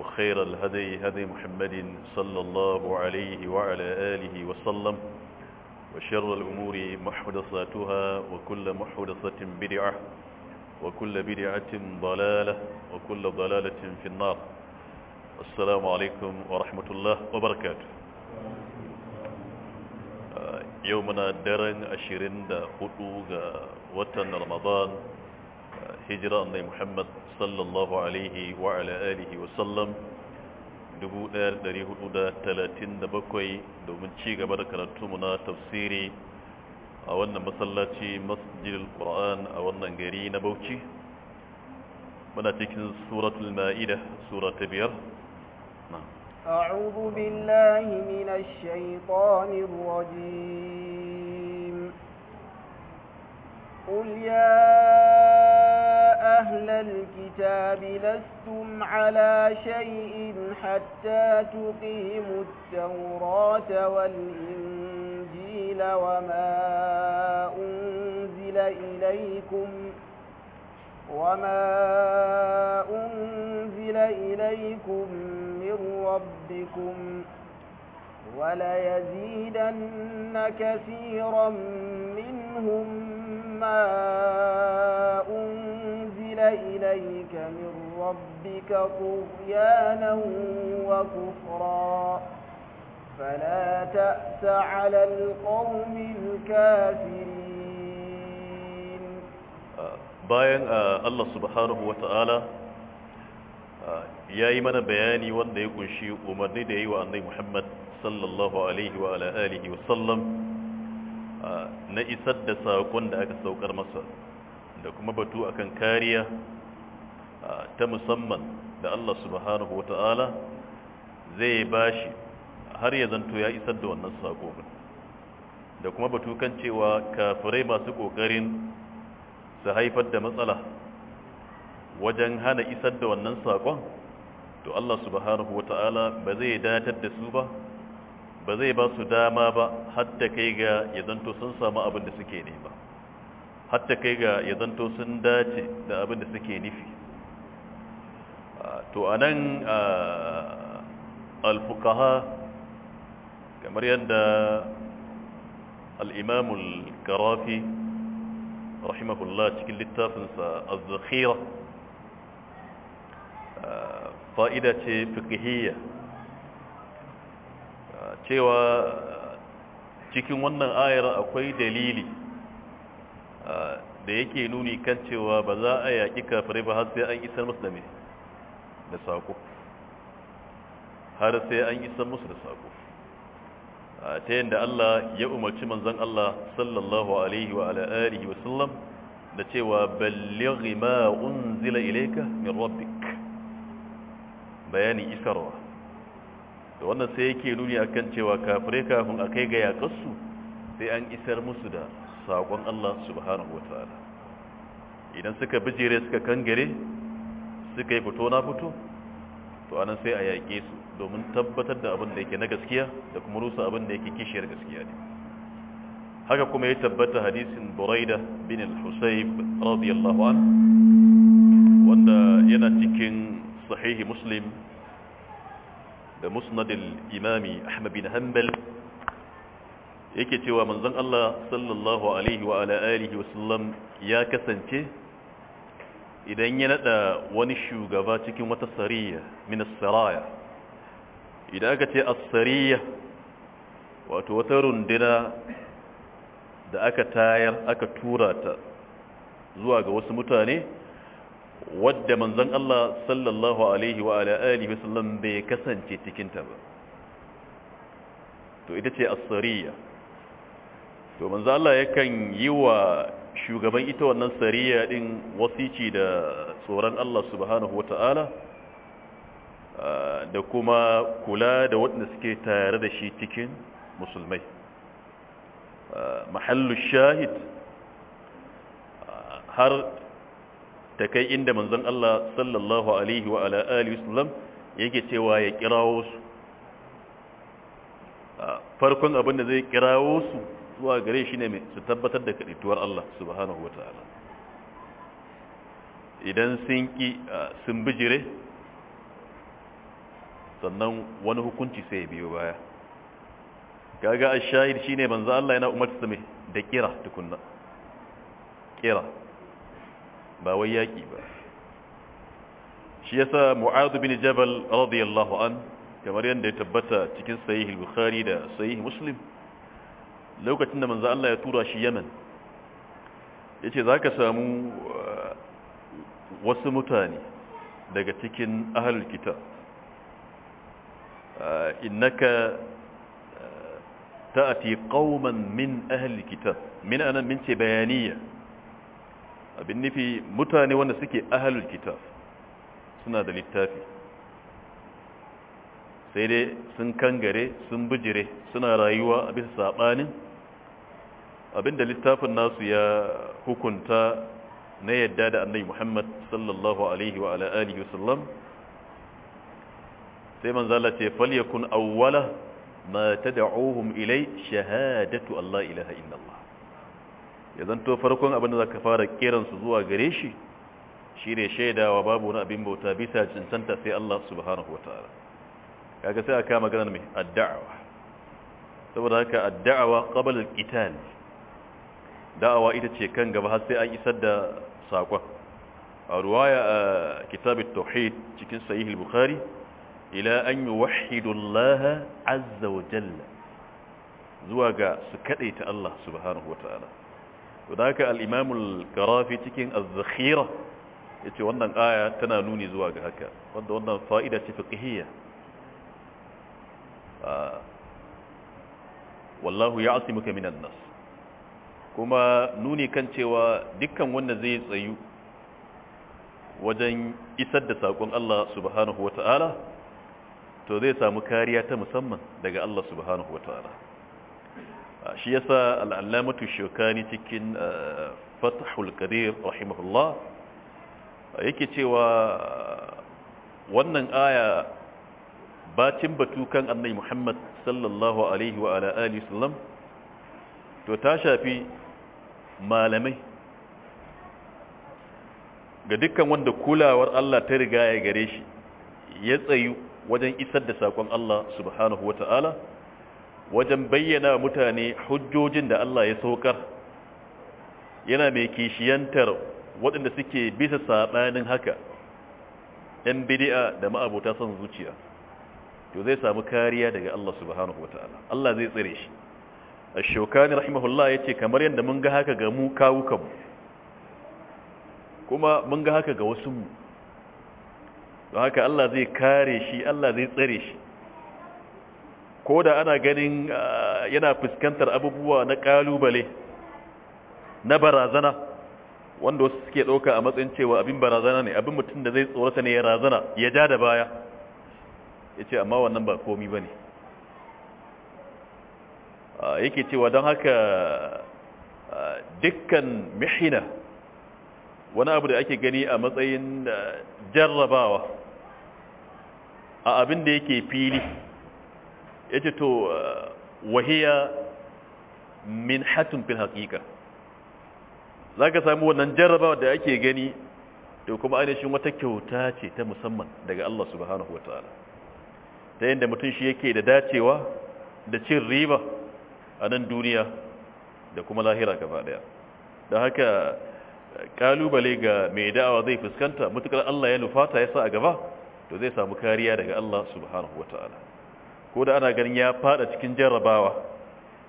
وخير الهدي هدي محمد صلى الله عليه وعلى آله وسلم وشر الأمور محدثاتها وكل محدثة بدعة وكل بدعة ضلالة وكل ضلالة في النار السلام عليكم ورحمة الله وبركاته يومنا درن أشيرين دا خطوغ وطن رمضان هجرة محمد sallallahu alaihi wa ala alihi wa sallam 1437 domin ci gaba da karatu na tafsiri a wannan masallaci masjidil qur'an a wannan gari na Bauchi muna cikin suratul ma'ida sura ta biyar أعوذ بالله من الشيطان الرجيم قل يا أهل الكتاب لستم على شيء حتى تقيموا التوراة والإنجيل وما أنزل إليكم وما أنزل إليكم من ربكم وليزيدن كثيرا منهم ما أنزل أنزل إليك من ربك طغيانا وكفرا فلا تأس على القوم الكافرين bayan Allah subhanahu wa ta'ala ya yi mana bayani wanda ya kunshi umarni da ya yi wa annai Muhammad Alaihi wa na isar da saƙon da aka saukar masa da kuma batu akan kariya ta musamman da Allah subhanahu wa ta'ala zai bashi har ya zanto ya isar da wannan sako da kuma batu kan cewa kafirai masu ƙoƙarin su haifar da matsala wajen hana isar da wannan sakon to Allah subhanahu wa ta'ala ba zai datar da su ba ba zai ba su dama ba hatta kai ga ya zanto sun samu abin da suke nema hatta kai ga ya zanto sun dace da abin da suke nufi to a nan alfukaha kamar yadda al'imamul karafi rahimahullah cikin littafinsa azzakhira fa'ida ce fikihiyya cewa cikin wannan ayar akwai dalili da yake nuni kan cewa ba za a yaƙi kafirai ba har sai an isar musu da saƙo, da har sai an isar musu da saƙo. ta yadda Allah ya umarci manzan Allah sallallahu alaihi wa ala'arihi wa sallam da cewa ballighi ma unzila Ilaika min rabbik bayani isarwa da wannan sai yake nuni akan cewa kafirai kafin a kai ga yaƙarsu sai an isar musu da saƙon Allah subhanahu wa ta'ala idan suka bijire suka kangare suka yi fito na fito to anan sai a yaƙe su domin tabbatar da abin da yake na gaskiya da kuma rusa abin da yake kishiyar gaskiya ne haka kuma ya tabbata hadisin buraida bin al-husayb radiyallahu an wanda yana cikin sahihi muslim da musnadil imami ahmad bin hanbal yake cewa manzon Allah sallallahu alaihi wa ala alihi wa sallam ya kasance idan ya nada wani shugaba cikin wata sariya min as-saraya idan aka ce as-sariya wato wata runduna da aka tayar aka tura ta zuwa ga wasu mutane wadda manzon Allah sallallahu alaihi wa ala alihi wa sallam bai kasance cikin ta ba to ita ce as-sariya to manzo Allah yakan yi wa shugaban ita wannan sariya din wasici da tsoron Allah subhanahu wata'ala da kuma kula da waɗanda suke tare da shi cikin musulmai mahallu shahid har ta kai inda manzon Allah sallallahu alaihi wa ala alihi wasallam yake cewa ya kirawo su farkon abin zai kirawo su zuwa gare shi ne mai su tabbatar da kaɗaituwar Allah subhanahu wa ta'ala idan sun ƙi sun bijire sannan wani hukunci sai biyo baya kaga a shahid shi ne banza Allah yana su mai da kira tukunna kira ba wai yaƙi ba shi yasa mu'adu bin jabal radiyallahu an kamar yadda ya tabbata cikin sahih bukhari da sahih muslim lokacin da manzo Allah ya tura shi Yemen yace zaka samu uh, wasu mutane daga cikin ahlul kitab uh, innaka تأتي uh, min من أهل min من min ce bayaniya abin nufi mutane wanda suke ahalul kitab suna da littafi sai dai sun kangare sun bijire suna rayuwa a bisa saɓanin abinda littafin nasu ya hukunta na yadda da annabi Muhammad sallallahu alaihi wa alihi wasallam sai manzala ce falyakun awwala ma tad'uhum ilai shahadatu Allah ilaha illallah ya zanto farkon abinda ka fara kiran su zuwa gare shi shine shaidawa babu wani abin bauta bisa cancanta sai Allah subhanahu wataala kaga sai aka magana mai addawa saboda haka adda'awa qabla al-qital da'awa ita ce kan gaba har sai an isar da sakon a ruwaya a kitab tauhid cikin sahih al-bukhari ila an yuwahhidu Allah azza wa jalla zuwa ga su kadaita Allah subhanahu wataala wadaka al-imam al-qarafi cikin az-zakhira yace wannan aya tana nuni zuwa ga haka wanda wannan fa'ida ce fiqhiyya wallahu ya'simuka minan nas kuma nuni kan cewa dukkan wanda zai tsayu wajen isar da saƙon Allah subhanahu wa ta'ala to zai samu kariya ta musamman daga Allah subhanahu wa ta'ala shi yasa al'allamatu shokani cikin fatahul qadir rahimahullah yake cewa wannan aya bacin kan annai muhammad sallallahu alaihi wa sallam to ta shafi malamai ga dukkan wanda kulawar Allah ta riga ya gare shi ya tsayu wajen isar da sakon Allah subhanahu wa ta'ala wajen bayyana mutane hujjojin da Allah ya saukar yana mai kishiyantar waɗanda suke bisa saɓanin haka ‘yan bidi'a da ma'abota son zuciya to zai samu kariya daga Allah subhanahu wa ta'ala Allah zai tsire shi ashokani rahimahullah ya ce kamar yadda mun ga haka ga mu kawukan kuma mun ga haka ga wasu mu don haka Allah zai kare shi Allah zai tsare shi ko da ana ganin ah, yana fuskantar abubuwa na kalubale na barazana wanda wasu suke ɗauka a matsayin cewa abin barazana ne abin mutum da zai tsorata ne ya razana ya ja da baya ya ce amma wannan ba komi bane Ah, yake cewa don haka ah, dukkan mihina wani abu da ake gani a matsayin ah, jarrabawa a abin da yake fili ya ce to wahiya min hatun fil haƙiƙa za ka sami wannan jarrabawa da ake gani da kuma ainihin wata kyauta ce ta musamman daga Allah subhanahu wa ta'ala ta yadda mutum shi yake da dacewa da cin riba a nan duniya da kuma lahira gaba daya da haka kalubale ga mai da'awa zai fuskanta mutukar Allah ya nufata ya sa a gaba to zai samu kariya daga Allah subhanahu wataala ko da ana ganin ya fada cikin jarrabawa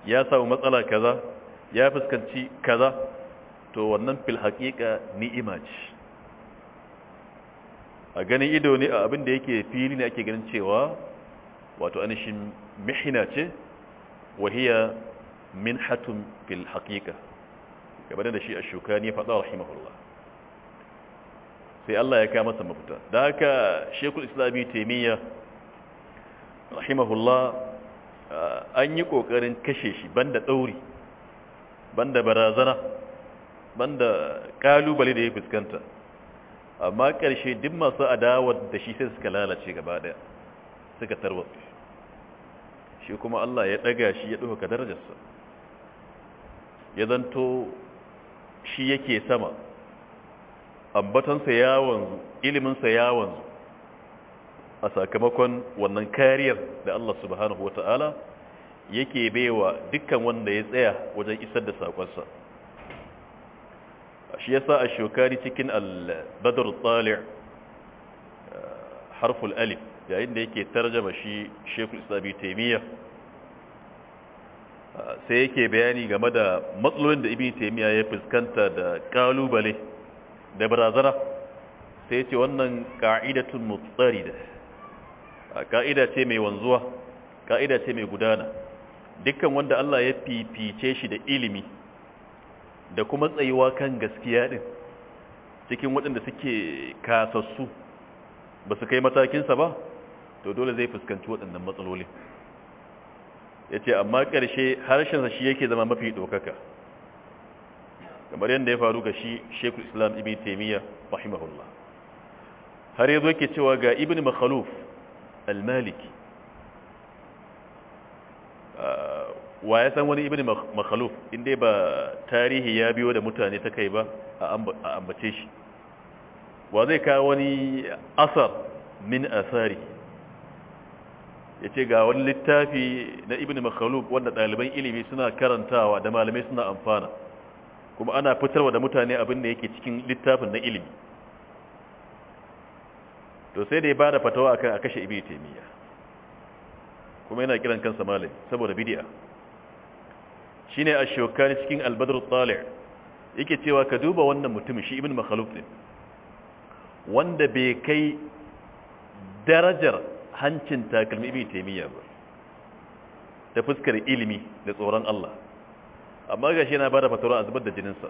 ya samu matsala kaza ya fuskanci kaza to wannan fil haqiqa ni'ima ce a ganin ido ne a abin da yake fili ne ake ganin cewa wato anishin mihina ce wahiya minhatun fil haqiqa kamar da shi ashukani ya faɗa rahimahullah sai Allah ya kama masa mafita da haka shekul islami taimiyya rahimahullah an yi ƙoƙarin kashe shi banda ɗauri banda barazana banda ƙalubale da ya fuskanta amma ƙarshe duk masu adawar da shi sai suka lalace gaba ɗaya suka tarwatsa shi kuma Allah ya ɗaga shi ya ɗauka darajarsa ya zanto shi yake sama ambatansa ya wanzu iliminsa ya wanzu a sakamakon wannan kariyar da Allah subhanahu wa ta'ala yake baiwa dukkan wanda ya tsaya wajen isar da sakonsa shi yasa a shokari cikin al-badr tali harful alif yayin da yake tarjama shi shekul islami taimiyya sai yake bayani game da matsalolin da ibi taimiyya ya fuskanta da kalubale da barazana sai ce wannan ka'idatun mutsari da ka'ida ce mai wanzuwa ka'ida ce mai gudana dukkan wanda Allah ya fifice shi da ilimi da kuma tsayuwa kan gaskiya din cikin waɗanda suke kasassu ba su kai matakinsa ba to dole zai fuskanci waɗannan matsalolin ya ce amma ƙarshe harshensa shi yake zama mafi ɗaukaka kamar yadda ya faru ga shi shekul islam ibi taimiyya Fahimahullah. har yanzu yake cewa ga ibn makhaluf al-maliki ah, wa ya san wani ibn makhaluf inda ba tarihi ya biyo da mutane ta kai ba a ambace shi wa zai kawo wani asar min asari ya ce ga wani littafi na ibn Makhalub wanda ɗaliban ilimi suna karantawa da malamai suna amfana kuma ana fitarwa da mutane abin da yake cikin littafin na ilimi to sai da ya bada fatawa akan a kashe ibi taimiyya kuma yana kiran kansa malami saboda Bidiya. Shi ne a shokani cikin albadar tsali yake cewa ka duba wannan mutumin shi ibn Makhalub ne wanda bai kai darajar hancin takalmi ibn taymiya ba ta fuskar ilimi da tsoron Allah amma gashi yana bada fatara a zubar da jininsa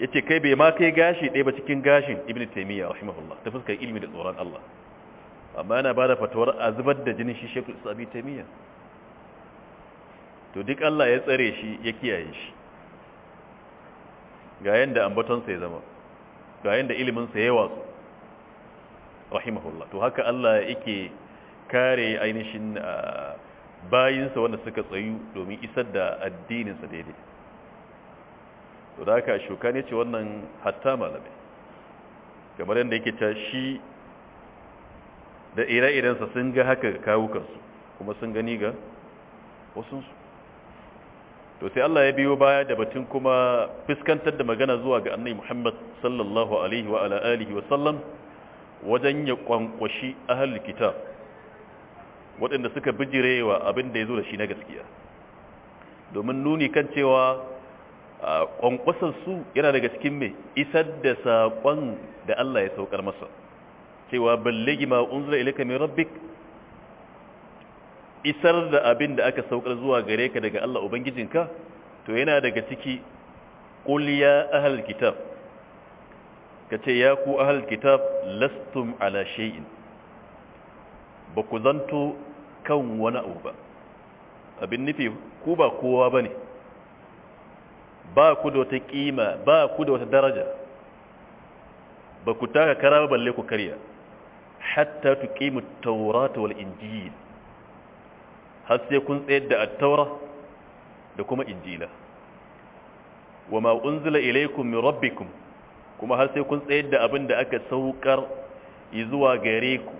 yace kai bai ma kai gashi dai ba cikin gashin ibn taymiya rahimahullah ta fuskar ilimi da tsoron Allah amma yana bada fatawar a zubar da jinin shi shekul sabi taymiya to duk Allah ya tsare shi ya kiyaye shi ga yanda ambaton sa ya zama ga yanda ilimin sa ya watsu rahimahullah to haka Allah yake kare ainihin ah, bayinsa wanda suka tsayu domin isar da addininsa daidai to da haka shuka ne ce wannan hatta malami kamar yadda yake ta shi da ire-irensa sun ga haka ga kawukansu kuma sun gani ga wasunsu to sai Allah ya biyo baya da batun kuma fuskantar da magana zuwa ga annai Muhammad sallallahu alaihi wa ala alihi wa sallam wajen ya kwankwashi ahal kitab waɗanda suka bijirewa abin da ya zo da shi na gaskiya domin nuni kan cewa su yana daga cikin mai isar da saƙon da Allah ya saukar masa cewa ballegi ma unzula ilika mai rabbi isar da abin da aka saukar zuwa gare ka daga Allah ubangijinka to yana daga ciki qul ya kitab ka ce ya ku ahal kitab lastum ala shay'in ba ku zanto kan wani abu ba abin nufi ku ba kowa ba ne ba ku da wata ƙima ba ku da wata daraja ba ku taka kara balle ku karya hatta tu ƙimu taurata wal injil har sai kun tsayar da attaura da kuma injila wa ma'unzula ilaikum min rabbikum kuma har sai kun tsayar da abin da aka saukar zuwa gare ku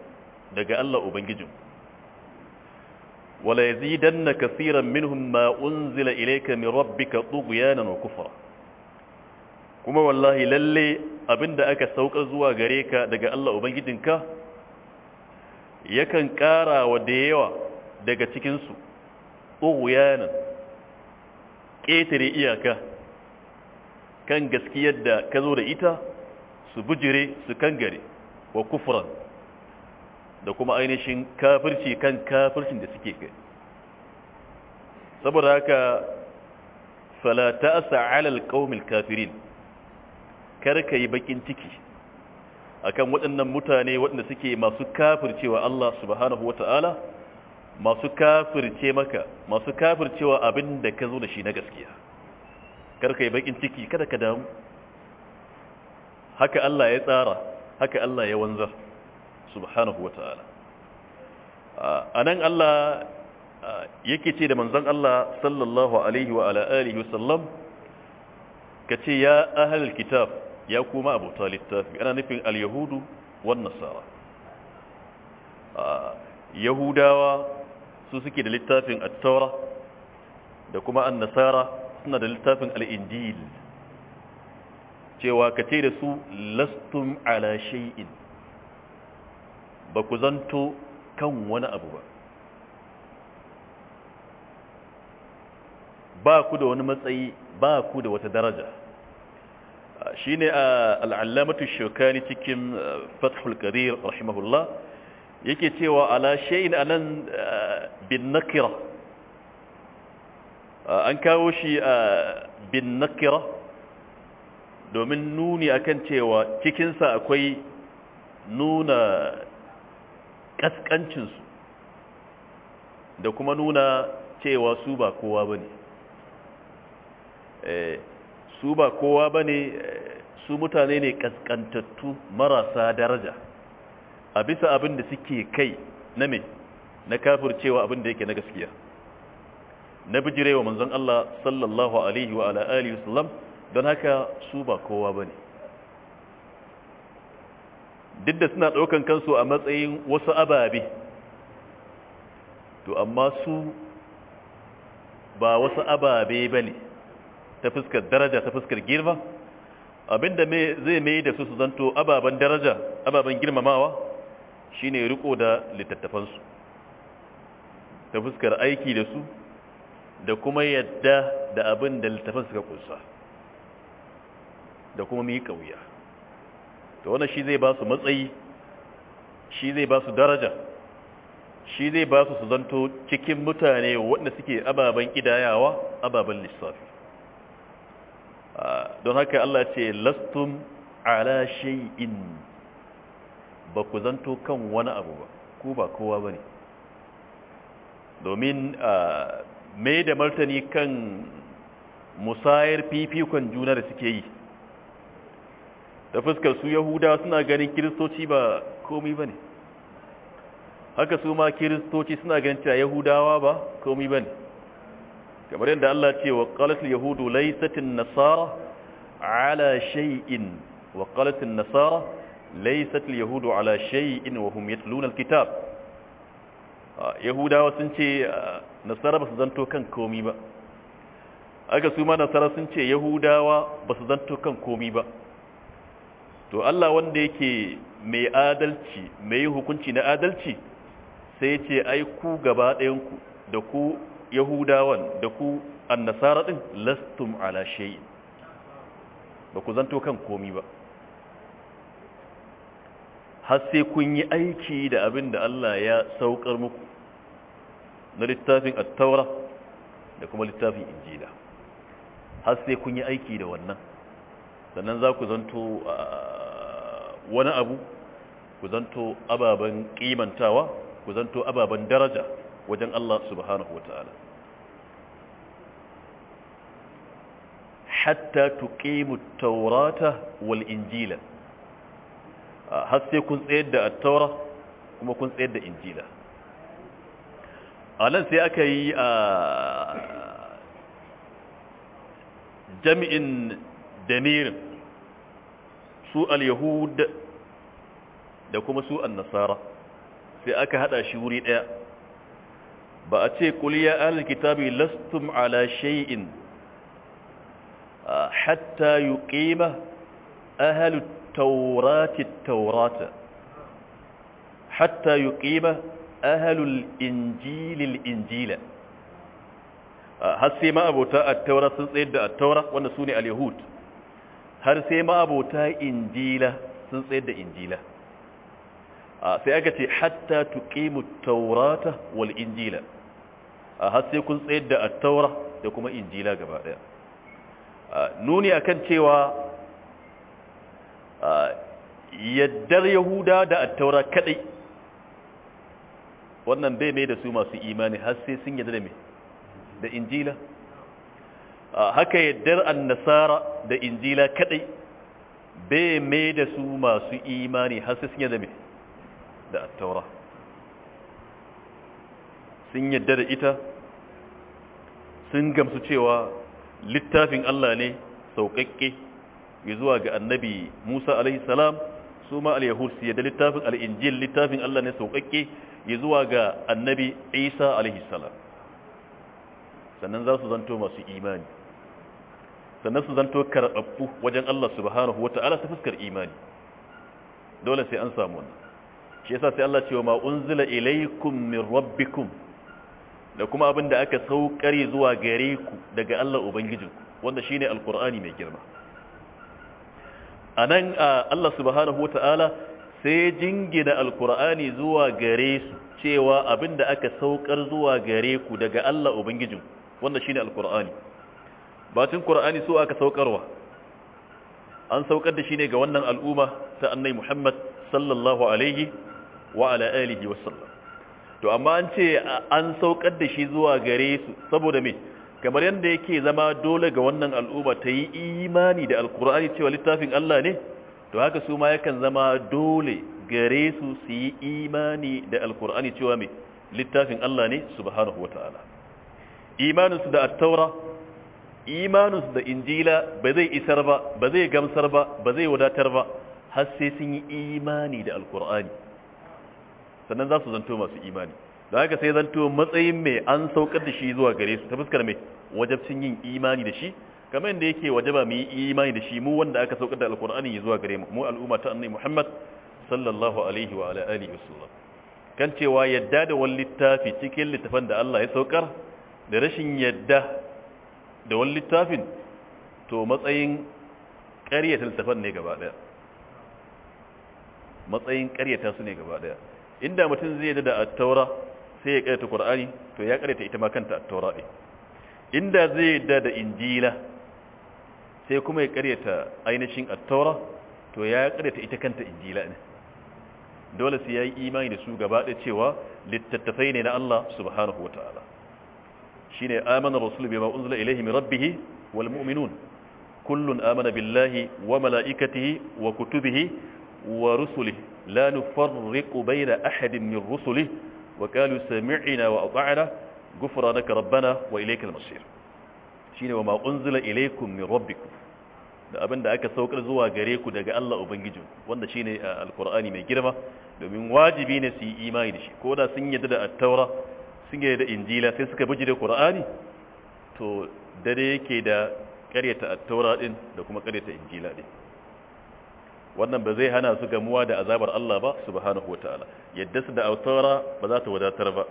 daga Allah ubangijin wala yazidanna kaseeran minhum ma unzila ilayka min rabbika tughyanan wa kufa. kuma wallahi lalle abinda aka saukar zuwa gare ka daga Allah ubangijinka yakan ƙara wa da yawa daga cikinsu ughyanan ƙetare iyaka kan gaskiyar da ka zo da ita su bujire su kangare wa kufran da kuma ainihin kafirci kan kafircin da suke kai saboda haka fala ta'sa 'ala al-qaumil kafirin karka yi bakin ciki akan waɗannan mutane waɗanda suke masu kafircewa Allah subhanahu wata'ala masu kafirce maka masu kafircewa abin da ka zo da shi na gaskiya karka yi bakin ciki kada ka damu haka Allah ya tsara haka Allah ya wanzar subhanahu wata'ala a nan Allah yake ce da manzon Allah sallallahu alaihi wa ala alihi wa kace ya ahlul kitab ya kuma abota littafi ana nufin al-yahudu wan nasara yahudawa su suke da littafin at da kuma an-nasara suna da littafin al'indil cewa ka ce da su lastum ala shay'in ba ku zanto kan wani abu ba ba ku da wani matsayi ba ku da wata daraja shi ne a al'allamatu shokani cikin fathul kadir rahimahullah yake cewa ala shay'in anan bin nakira Uh, an kawo shi a uh, bin nakira domin nuni akan cewa cikinsa akwai nuna ƙasƙancinsu da kuma nuna cewa su ba kowa ba ne eh, su ba kowa ba ne eh, su mutane ne ƙasƙantattu marasa daraja a bisa abin da suke kai na mai na kafircewa abin da yake na gaskiya na wa manzon Allah sallallahu alaihi wa ala wasallam don haka su ba kowa ba ne. duk da suna ɗaukan kansu a matsayin wasu ababe to amma su ba wasu ababe ba ne ta fuskar daraja ta fuskar girma abinda zai mai da su su zanto ababen daraja ababen girmamawa shi ne riko da littattafansu ta fuskar aiki da su da kuma yadda da abin da littafin suka kunsa da kuma miƙa wuya da wannan shi zai ba su matsayi shi zai ba su daraja shi zai ba su su zanto cikin mutane waɗanda suke ababen ƙidayawa ababen lissafi don haka Allah ce lastum ala shay'in ba ku zanto kan wani abu ba ku ba kowa ba ne domin mai da martani kan musayar fifikon juna da suke yi ta fuskar su yahuda suna ganin kiristoci ba komi ba ne haka su ma kiristoci suna ganin cewa yahudawa ba komi ba ne kamar yadda Allah ce wa qalatul yahudu laysatin nasara ala shay'in wa qalatin nasara laysatul yahudu ala shay'in wa hum yatluna alkitab ah, yahudawa sun ce nasara ba su zanto kan komi ba aka su ma nasara sun ce yahudawa ba su zanto kan komi ba to Allah wanda yake mai adalci mai hukunci na adalci sai ce ai ku gaba ɗayanku da ku yahudawan da ku annasara ɗin lastum ala shayi ba ku zanto kan komi ba har sai kun yi aiki da abin da Allah ya saukar muku na littafin attaura da kuma littafin injila har sai kun yi aiki da wannan sannan za ku zanto wani abu ku zanto ababen kimantawa ku zanto ababen daraja wajen Allah subhanahu wata'ala hatta tuqimu taurata wal injila har sai kun tsayar da at-taura kuma kun tsayar da injila a sai aka yi a jami'in damirin su al-yahud da kuma su an-nasara sai aka hada shi wuri daya ba a ce kuliya al-kitabi lastum ala shay'in hatta yuqima ahlut tawrati at-tawrata hatta yuqima ahalul injilil injila ah, har sai ma'abota taura sun tsayar da taura wanda su ne al-yahud har sai ma'abota injila sun tsayar da injila ah, sai aka ce hatta tuqimu taurata wal injila ah, har sai kun tsayar da taura da kuma injila gaba daya nuni akan cewa yaddar yahuda da taura kadai wannan bai mai da su masu imani har sai sun yadda da me da injila haka yaddar annasara da injila kadai bai mai da su masu imani har sai sun yadda me da attaura sun yadda da ita sun gamsu cewa littafin Allah ne sauƙaƙƙe zuwa ga annabi Musa alaihi salam su ma al-yahud su yadda littafin al-injil littafin Allah ne sauƙaƙe ya zuwa ga annabi Isa alaihi salam sannan za su zanto masu imani sannan su zanto karɓaɓɓu wajen Allah subhanahu wata'ala ta fuskar imani dole sai an samu wannan shi yasa sai Allah ce ma unzila ilaykum min rabbikum da kuma abin da aka saukar zuwa gare ku daga Allah ubangijinku wanda shine alqur'ani mai girma a nan Allah subhanahu wa sai jingina alkur'ani zuwa gare su cewa abin da aka saukar zuwa gare ku daga Allah Ubangijin shi shine alkur'ani bacin kur'ani su aka saukarwa an saukar da shi ne ga wannan al'umma ta annai Muhammad sallallahu alaihi wa ala alihi wasallam to amma an ce an saukar da shi zuwa gare su saboda me kamar yadda yake zama dole ga wannan al'umma ta yi imani da alkur'ani cewa littafin Allah ne to haka su ma yakan zama dole gare su su yi imani da alkur'ani cewa mai littafin Allah ne subhanahu wata'ala imaninsu da attaura imaninsu da injila ba zai isar ba ba zai gamsar ba ba zai wadatar ba har sai sun yi imani da alkur'ani sannan za su zanto masu imani da haka sai zanto matsayin mai an saukar da shi zuwa gare su ta fuskar mai wajabcin yin imani da shi kamar yadda yake wajaba mu yi imani da shi mu wanda aka saukar da alkur'ani zuwa gare mu mu al'umma ta annabi Muhammad sallallahu alaihi wa ala alihi wasallam kan cewa yadda da wani littafi cikin littafin da Allah ya saukar da rashin yadda da wani littafin to matsayin ƙaryata littafin ne gaba daya matsayin ƙaryata su ne gaba daya inda mutum zai yadda da at-taura sai ya karanta qur'ani to ya karanta ita ma kanta at-taura inda zai da da injila sai kuma ya karanta ainihin at-taura to ya karanta ita kanta injila ne dole sai yayi imani da su gaba da cewa littattafai ne na Allah subhanahu wataala shine amana rasul bima unzila ilayhi min rabbih wal mu'minun kullun amana billahi wa malaikatihi wa kutubihi wa rusulihi la nufarriqu bayna ahadin min rusulihi وقالوا سمعنا sami'na wa ربنا ghufranaka المصير wa ilaykal masir shine wa ma da abin da aka saukar zuwa gare ku daga Allah ubangijin wanda shine alkur'ani mai girma domin wajibi ne su yi imani da shi ko da sun yadda da sun yadda da injila sai suka da kur'ani to dare yake da karyata at-taura din da kuma karyata injila din wannan ba zai hana su gamuwa da azabar Allah ba subhanahu wataala yadda su da autara ba za ta wadatar ba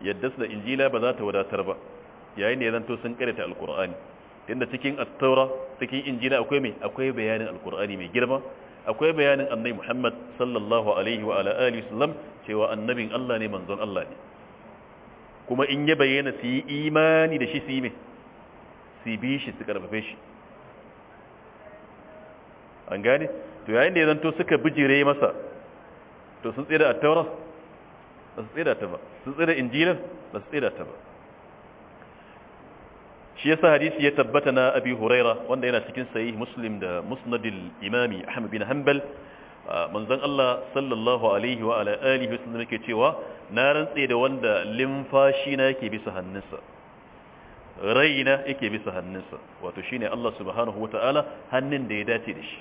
yadda su da injila ba za ta wadatar ba yayin da ya zanto sun karanta alqur'ani tunda cikin attaura cikin injila akwai me akwai bayanin alqur'ani mai girma akwai bayanin annabi Muhammad sallallahu alaihi wa ala alihi wasallam cewa annabin Allah ne manzon Allah ne kuma in ya bayyana su yi imani da shi su yi mai su bi shi su karfafe shi an gane to yayin da ya zanto suka bijire masa to sun tsira a tauras ba su tsira ta ba sun tsira injilar ba su tsira ta ba shi yasa hadisi ya tabbata na abi huraira wanda yana cikin sahih muslim da musnadil imami ahmad bin hanbal manzon Allah sallallahu alaihi wa ala alihi wasallam yake cewa na rantse da wanda limfashi na yake bisa hannunsa raina yake bisa hannunsa wato shine Allah subhanahu wataala hannun da ya dace da shi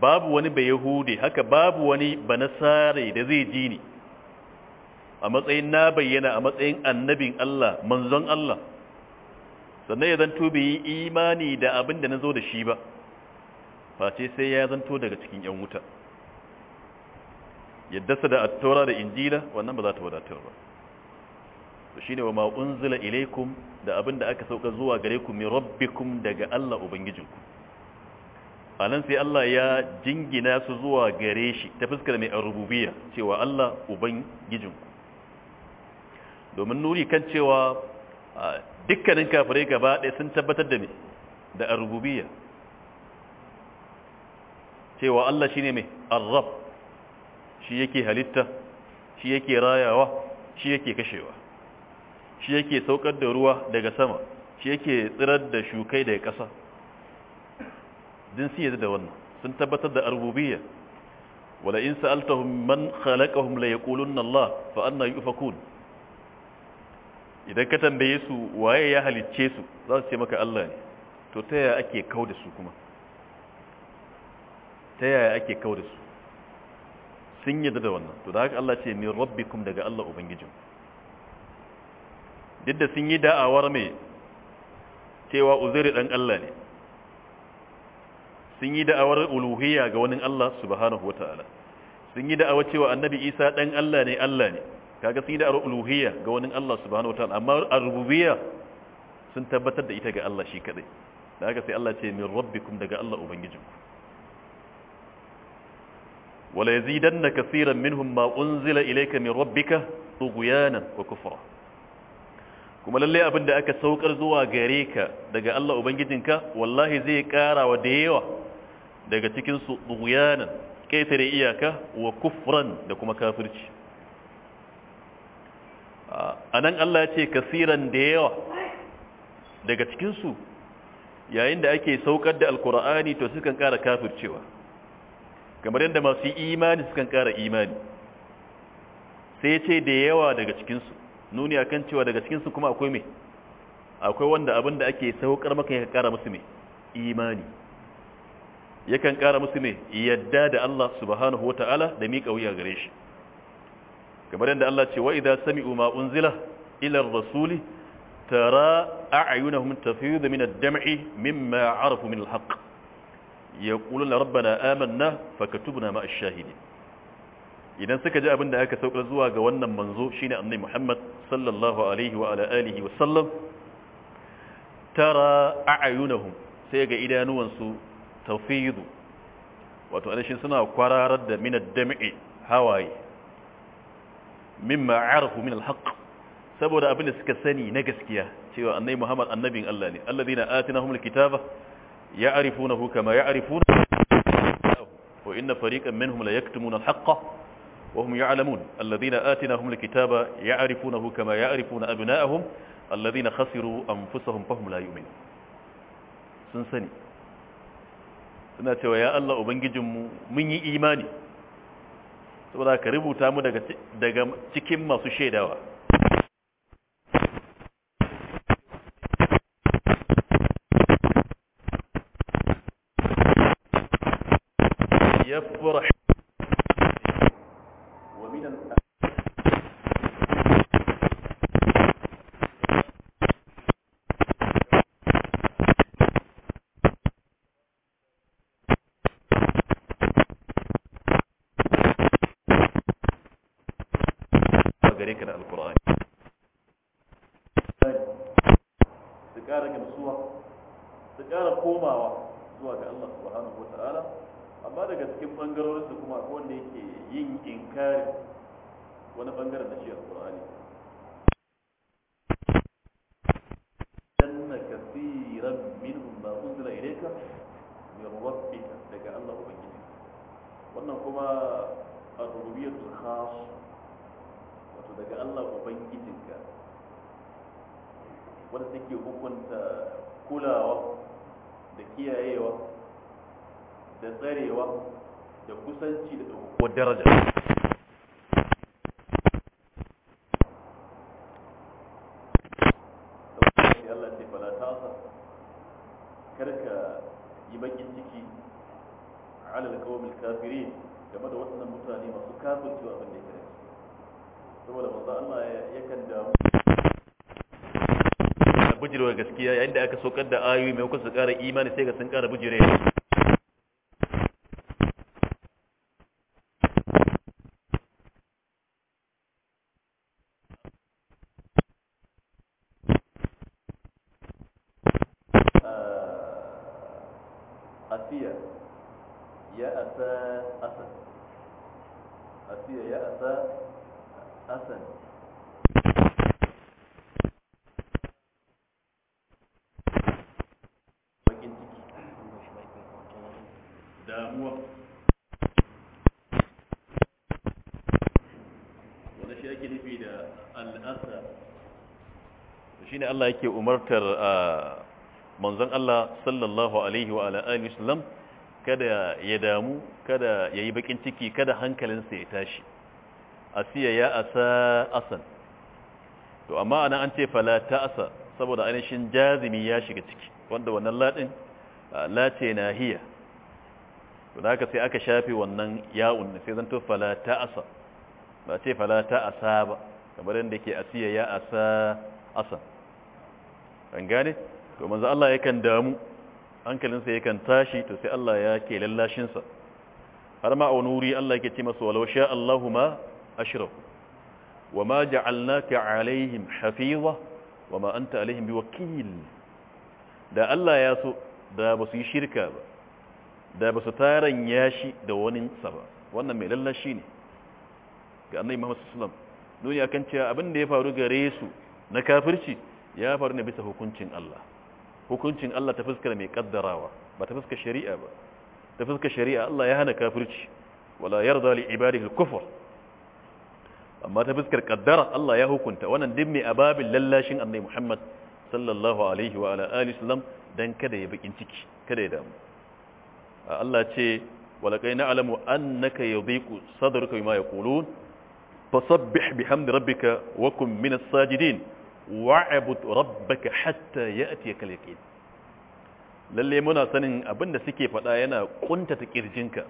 babu wani bayahudi haka babu wani banasare da zai ji ni a matsayin na bayyana a matsayin annabin Allah manzon Allah sannan ya zanto bai yi imani da abin da na zo da shi ba face sai ya zanto daga cikin yan wuta yaddasa da attora da injila wannan ba za ta wadatar ba to shine wa ma unzila ilaikum da abin da aka sauka zuwa gare ku mi rabbikum daga Allah ubangijinku anan sai Allah ya jingina su zuwa gare shi ta fuskar mai arububiya cewa Allah ubangijinku domin nuri kan cewa dukkanin kafirai gaba ɗaya sun tabbatar da mai da arububiya cewa Allah shi ne mai arrab, shi yake halitta shi yake rayawa shi yake kashewa shi yake saukar da ruwa daga sama shi yake tsirar da shukai daga ƙasa din sun yadda da wannan sun tabbatar da arbubiyya wala in sa'altahum man khalaqahum la yaqulunna Allah fa anna yufakun idan ka tambaye su waye ya halicce su za su ce maka Allah ne to ta yaya ake kau da su kuma ta yaya ake kau da su sun yadda da wannan to da haka Allah ce min rabbikum daga Allah ubangijin duk da sun yi da'awar mai cewa uzuri dan Allah ne sun yi da'awar uluhiyya ga wani Allah subhanahu ta'ala. sun yi da'awar cewa annabi Isa ɗan Allah ne Allah ne kaga sun yi da'awar uluhiyya ga wani Allah subhanahu ta'ala. amma ar-rububiyya sun tabbatar da ita ga Allah shi kadai da haka sai Allah ce min rabbikum daga Allah Ubangijin ku. wala yazidanna kaseeran minhum ma unzila ilayka min rabbika tughyanan wa kufra kuma lalle abin da aka saukar zuwa gare ka daga Allah ubangijinka wallahi zai kara wa da yawa daga cikin su duyanan kaifare iyaka wa kufran da kuma kafirci anan Allah ya ce kasiran da yawa daga cikin su yayin da ake saukar da alkur'ani to sukan kara kafircewa kamar yadda masu imani sukan kara imani sai ce da yawa daga cikinsu nuni akan cewa daga cikinsu kuma akwai mai akwai wanda abin da ake saukar maka ya kara musu mai imani yakan ƙara musu ne yadda da Allah subhanahu wa ta'ala da miƙa wuya gare shi kamar yadda Allah ce wa sami sami'u unzila ilan rasuli tara a'yunahum tafidu min ad-dam'i mimma 'arafu min na haqq yaquluna na amanna fakatubna ma ash-shahidin idan suka ji abin da aka saukar zuwa ga wannan manzo shine annabi Muhammad sallallahu alaihi wa ala alihi wa sallam tara a'yunahum sai ga idanuwansu tafidu wato alashin suna kwararar da minar dami'i hawaye mimma arahu min alhaq saboda abin da suka sani na gaskiya cewa annai muhammad annabin allah ne alladhina atinahumul kitaba ya'rifunahu kama ya'rifuna wa inna fariqan minhum la yaktumuna alhaqqa وهم يعلمون الذين آتناهم الكتاب يعرفونه كما يعرفون أبناءهم الذين خسروا أنفسهم فهم لا يؤمنون سنسني suna cewa ya Allah ubangijinmu mun yi imani saboda ka rubuta mu daga cikin masu shaidawa ya kusanci da ɗaukowar daraja Allah ce fala tasa karka yi bakin ciki alal kawamil kafirin game da waɗannan mutane masu kafirci abin da ya kare saboda manzo Allah yakan damu bujirewa gaskiya yayin da aka sokar da ayoyi mai kusa ƙara imani sai ga sun kara bujirewa damuwa wanda shi ake nufi da al'asa shi ne Allah yake umartar manzon Allah sallallahu alaihi wa alihi wasallam kada ya damu kada ya yi bakin ciki kada hankalinsa ya tashi asiya ya asa asan to amma ana an ce fala ta asa saboda ainihin jazimi ya shiga ciki wanda wannan latin la ce nahiya to da sai aka shafe wannan ya'un sai zanto fala ta'asa ba ce fala ba kamar yadda ke asiya ya asa asa an gane to za Allah yakan damu hankalinsa yakan tashi to sai Allah ya ke lallashinsa har ma a wani wuri Allah yake ce masa walau sha Allahu ma ashraku wama ja'alnaka alaihim hafiza wama anta alaihim biwakil da Allah ya so da ba su yi shirka ba da ba su taron yashi da wani saba wannan mai lallashi ne ga annabi Muhammad sallallahu alaihi wasallam duniya kan cewa abinda ya faru gare su na kafirci ya faru ne bisa hukuncin Allah hukuncin Allah ta fuskar mai kaddarawa ba ta fuskar shari'a ba ta fuskar shari'a Allah ya hana kafirci wala yarda li ibadihi al-kufr amma ta fuskar kaddara Allah ya hukunta wannan din mai ababin lallashin annabi Muhammad sallallahu alaihi wa ala alihi wasallam dan kada ya bakin ciki kada ya damu Allah ce walakai na'lamu annaka yadhiqu sadruka bima yaqulun fasabbih bihamdi rabbika wa kun minas sajidin wa'bud rabbaka hatta ya'tiyakal yaqin lalle muna sanin abinda suke faɗa yana kuntata kirjinka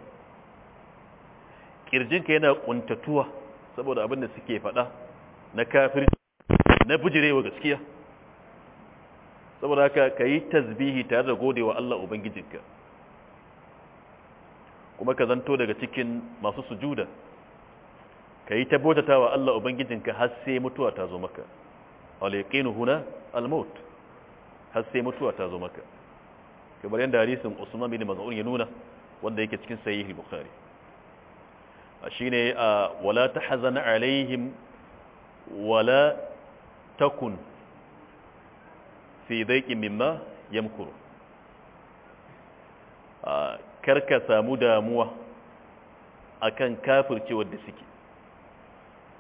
kirjinka yana kuntatuwa saboda abinda suke faɗa na kafir na bujirewa gaskiya saboda haka kayi tasbihi tare da godewa Allah ubangijinka kuma ka zanto daga cikin masu sujuda ka yi tabbatata wa Allah Ubangijinka har sai mutuwa ta zo maka alaiqinu huna almut har sai mutuwa ta zo maka kamar yadda harisun usman bin maz'un ya nuna wanda yake cikin sahih bukhari shine wala tahzan alaihim wala takun fi daiqin mimma yamkuru karka samu damuwa akan kafircewar da suke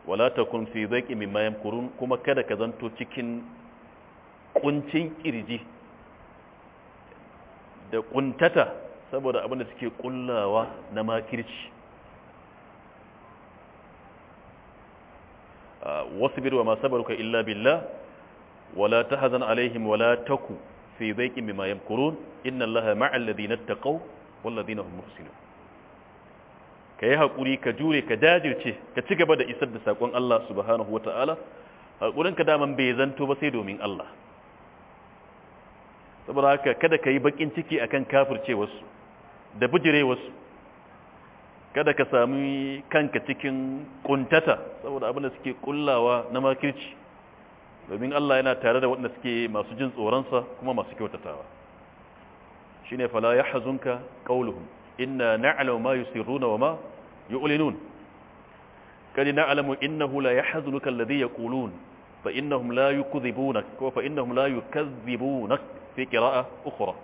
wala takun fi dhaqi mimma kurun kuma kada ka zanto cikin ƙuncin ƙirji da ƙuntata saboda abin da suke kullawa na makirci ah, wasu birwa ma sabaruka illa billah wala hazan alaihim wala taku fi dhaqi mimma yamkurun inna allaha ma'al ladina ittaqaw walladina hum muhsinun ka yi haƙuri ka jure ka jajirce ka ci gaba da isar da sakon Allah subhanahu wata'ala haƙurin ka daman bai zanto ba sai domin Allah saboda haka kada ka yi baƙin ciki akan kafirce wasu da bujire wasu kada ka sami kanka cikin kuntata saboda abinda da suke kullawa na makirci domin Allah yana tare da waɗanda suke masu jin tsoronsa kuma masu kyautatawa shine fala ya yahzunka ina na na'lamu ma yusirruna wa ma kadi na yu'linun kad na'lamu innahu la yahzunuka alladhi yaqulun fa ina innahum la yukdhibunak wa fa innahum la yukadhibunak fi qira'ah ukhra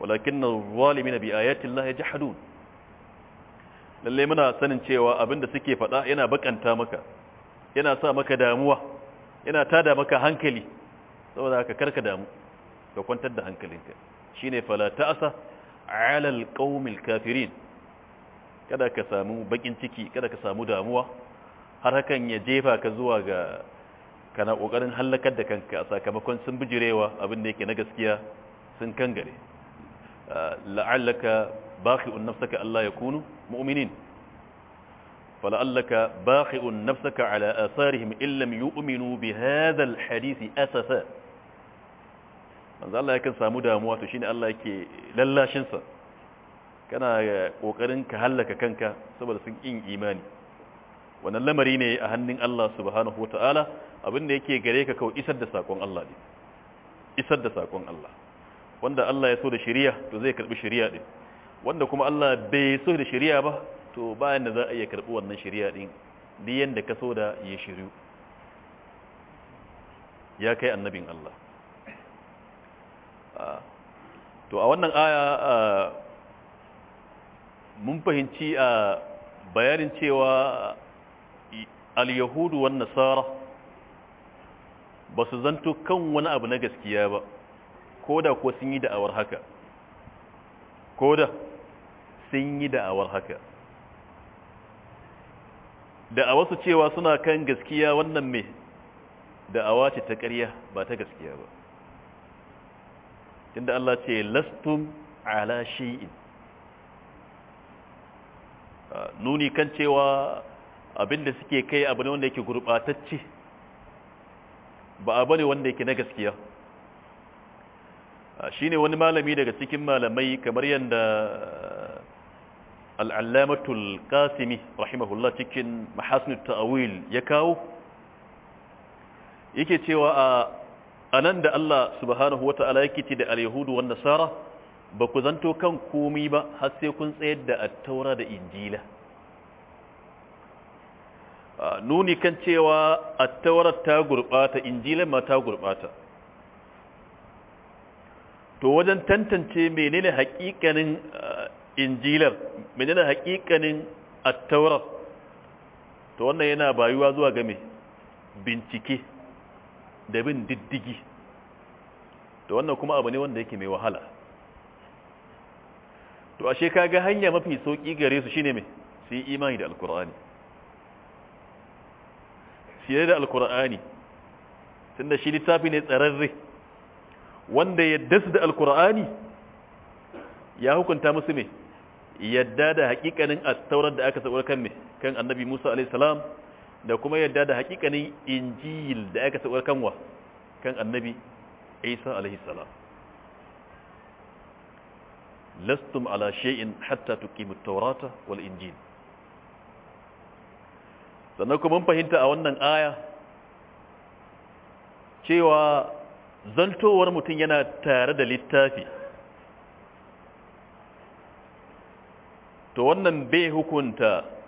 walakinna adh-dhalimina bi ya allahi hadun. lalle muna sanin cewa abinda suke faɗa yana bakanta maka yana sa maka damuwa yana tada maka hankali saboda haka karka damu ka kwantar da hankalinka shine fala asa ala alqaumil kafirin kada ka samu bakin ciki kada ka samu damuwa har hakan ya jefa ka zuwa ga kana ƙoƙarin hallakar da kanka sakamakon sun bijirewa abin da yake na gaskiya sun kangare ah, la'allaka baqi'un nafsaka Allah yakunu mu'minin فلعلك باخئ نفسك على آثارهم إن لم يؤمنوا بهذا الحديث أسفا manzo Allah yakan samu damuwa to shine Allah yake lallashin sa kana kokarin ka halaka kanka saboda sun kin imani wannan lamari ne a hannun Allah subhanahu Ta'ala abin da yake gare ka kawai isar da sakon Allah ne isar da sakon Allah wanda Allah ya so da shari'a to zai karbi shari'a din wanda kuma Allah bai so da shari'a ba to bayan da za a iya karbi wannan shari'a din ni yanda ka so da ya shiryu ya kai annabin Allah to a wannan aya mun fahimci a bayanin cewa al-yahudu wan nasara ba su zanto kan wani abu na gaskiya ba ko da ko sun yi da'awar haka ko da sun yi da'awar haka da'awar su cewa suna kan gaskiya wannan me da'awa ce ta ƙarya ba ta gaskiya ba tunda Allah ce lastum ala shay'in ah, nuni kan cewa abinda suke kai abu ne wanda yake gurbatacce ba abu ne wanda yake na gaskiya ah, shine wani malami daga cikin malamai kamar yanda al'allamatul kasimi rahimahullah cikin mahasnu ta'awil ya kawo yake cewa a ah, A nan da Allah subhanahu wa ta'ala yake ce da al-yahudu wan nasara ba ku zanto kan komi ba har sai kun tsayar da at-taura da injila nuni kan cewa at ta gurbata injila ma ta gurbata to wajen tantance menene haƙiƙanin injilar menene haƙiƙanin at-taura to wannan yana bayuwa zuwa game bincike da bin diddigi to wannan kuma abu ne wanda yake mai wahala to ashe ga hanya mafi sauki gare su shine mai, su yi imani da alkur'ani su da alkur'ani tunda shi littafi ne tsararre wanda yadda su da alkur'ani ya hukunta musu mai yadda da hakikanin taurar da aka saukar kan mai, kan annabi Musa alaihi salam da kuma yadda da hakikanin injil da aka sabar kanwa kan annabi isa alaihi salam lastum ala shay'in hatta tuqimu at-taurata wal injil sannan kuma mun fahimta a wannan aya cewa zantowar mutum yana tare da littafi to wannan bai hukunta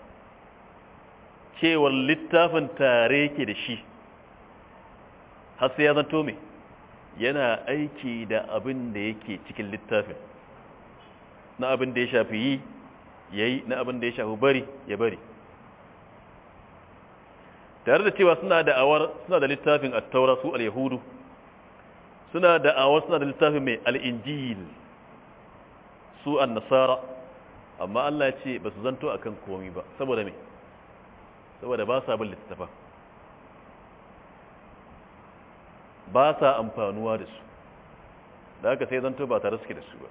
cewar littafin tare yake da shi har sai ya zanto mai yana aiki da abin da yake cikin littafin na abin da ya shafi yi ya yi na abin da ya shafi bari ya bari tare da cewa suna da awar suna da littafin a taura su al-yahudu suna da awar suna da littafin mai al su an-nasara amma Allah ya ce ba su zanto a kan komi ba saboda me saboda ba sa bin littattafan ba sa amfanuwa da su da aka sai zanto ba tare suke da su ba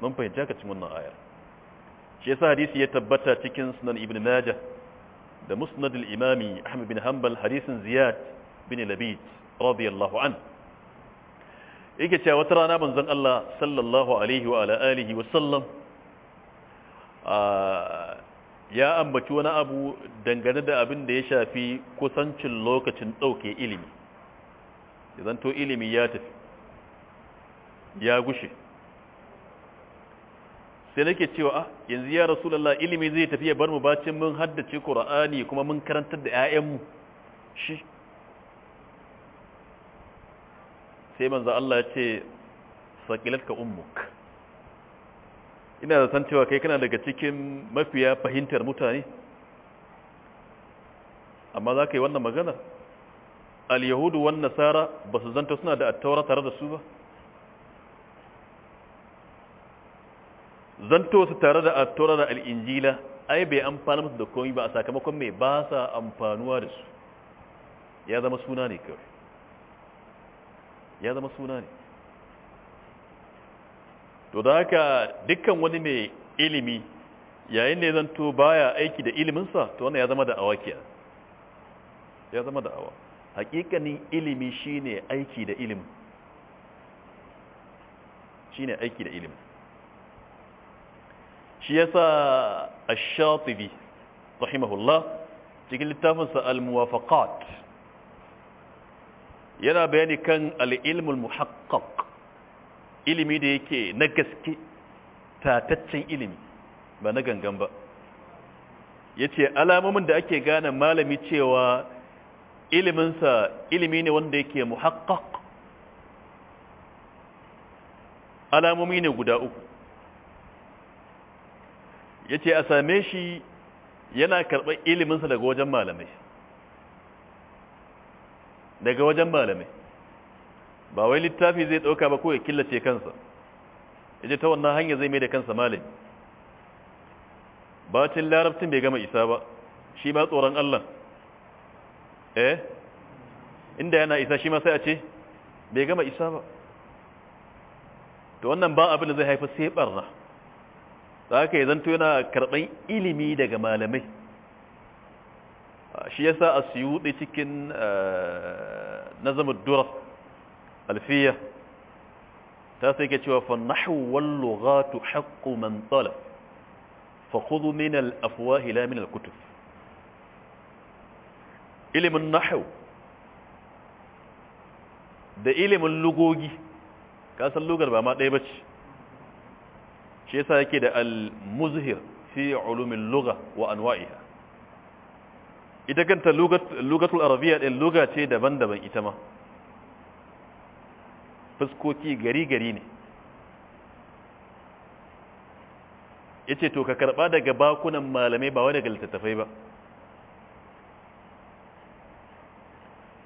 mun fahimta ka cin wannan ayar shi yasa hadisi ya tabbata cikin sunan ibn majah da musnad al-imami ahmad bin hanbal hadisin ziyad bin labid radiyallahu an yake cewa wata rana manzon Allah sallallahu alaihi wa alihi wa sallam ya ambaci wani abu dangane da abin da ya shafi kusancin lokacin ɗauke ilimi idan to ilimi ya tafi ya gushe sai nake cewa a, ah, yanzu ya rasulullah ilimi zai tafi ya bar mu bacin mun haddace ƙura'ani kuma mun karantar da 'ya'yanmu shi sai manzo Allah ya ce saqilatka ummuk ina da san cewa kai kana daga cikin mafiya fahimtar mutane amma za ka yi wannan magana al-yahudu nasara ba su zanta suna da attaura tare da su ba zanto su tare da attaura da al-injila ai bai amfana musu da komi ba a sakamakon mai ba sa amfanuwa da su ya zama suna ne kawai ya zama suna ne to da haka dukkan wani mai ilimi yayin ne zanto baya aiki da iliminsa to wannan ya zama da awa awakiya ya zama da awa hakikanin ilimi shine aiki da ilimi shine aiki da ilim shi yasa ash-shatibi rahimahullah cikin littafinsa al-muwafaqat yana bayani kan al-ilmul muhaqqaq ilimi da yake na gaske tataccen ilimi ba na gangan ba ya ce alamomin da ake gane malami cewa iliminsa ilimi ne wanda yake muhakkak alamomi ne guda uku ya ce a same shi yana karɓar iliminsa daga wajen malamai daga wajen malamai ba wai littafi zai ɗauka ba ko ya killace kansa yaje ta wannan hanya zai mai da kansa Ba bacin larabcin bai gama isa ba shi ma tsoron Allah eh inda yana isa shi ma sai a ce bai gama isa ba to wannan ba abin da zai haifa sai barna da haka ya zanto yana karɓar ilimi daga malamai shi yasa a siyuɗi cikin eh, nazamin durar alfiya ta sai ke cewa fannahu wal lughatu haqqu man talab fa khudhu min al afwahi la al kutub ilimin nahu da ilimin lugogi ka san lugar ba ma ɗaya bace shi yasa yake da al muzhir fi ulumin lugha wa anwa'iha ita kanta lugatul arabiyya din luga ce daban-daban ita ma fuskoki gari gari ne Ya ce to ka karba daga bakunan malamai ba daga littattafai ba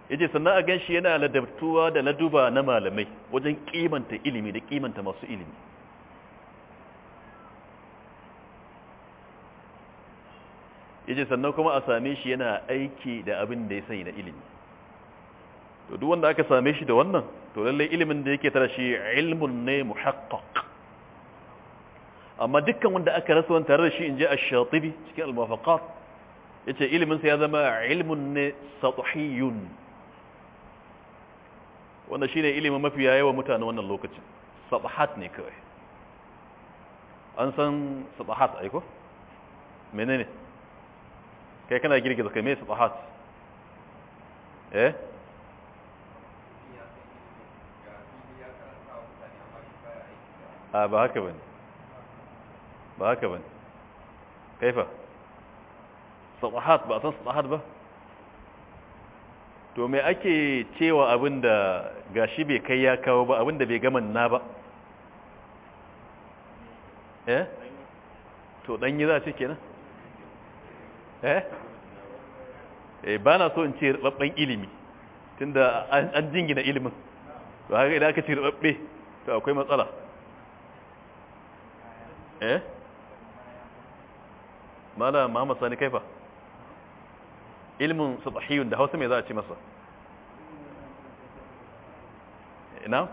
Ya ce sannan a shi yana ladabtuwa da laduba na malamai wajen kimanta ilimi da kimanta masu ilimi Ya ce sannan kuma a same shi yana aiki da abin da ya sani na ilimi to duk wanda aka same shi da wannan to lalle ilimin da yake tare shi ilmun ne muhaqqaq amma dukkan wanda aka rasa wannan tare da shi inji ash-shatibi cikin al-muwafaqat yace ilimin sa ya zama ilmun ne satuhiyun wannan shine ilimin mafiya yawa mutane wannan lokacin sabahat ne kai an san sabahat aiko menene kai kana girgiza kai me sabahat eh a ba haka bane ba haka bane kaifa sabahat ba san sabahat ba to me ake cewa abinda gashi bai kai ya kawo ba abinda bai gaman na ba eh to danyi za ce kenan eh eh ba na so in ce rabban ilimi tunda an jingina ilimin to haka idan aka ce rababbe to akwai matsala eh mala muhammad sani kaifa ilmin subahiyun da hausa mai za a ce masa ina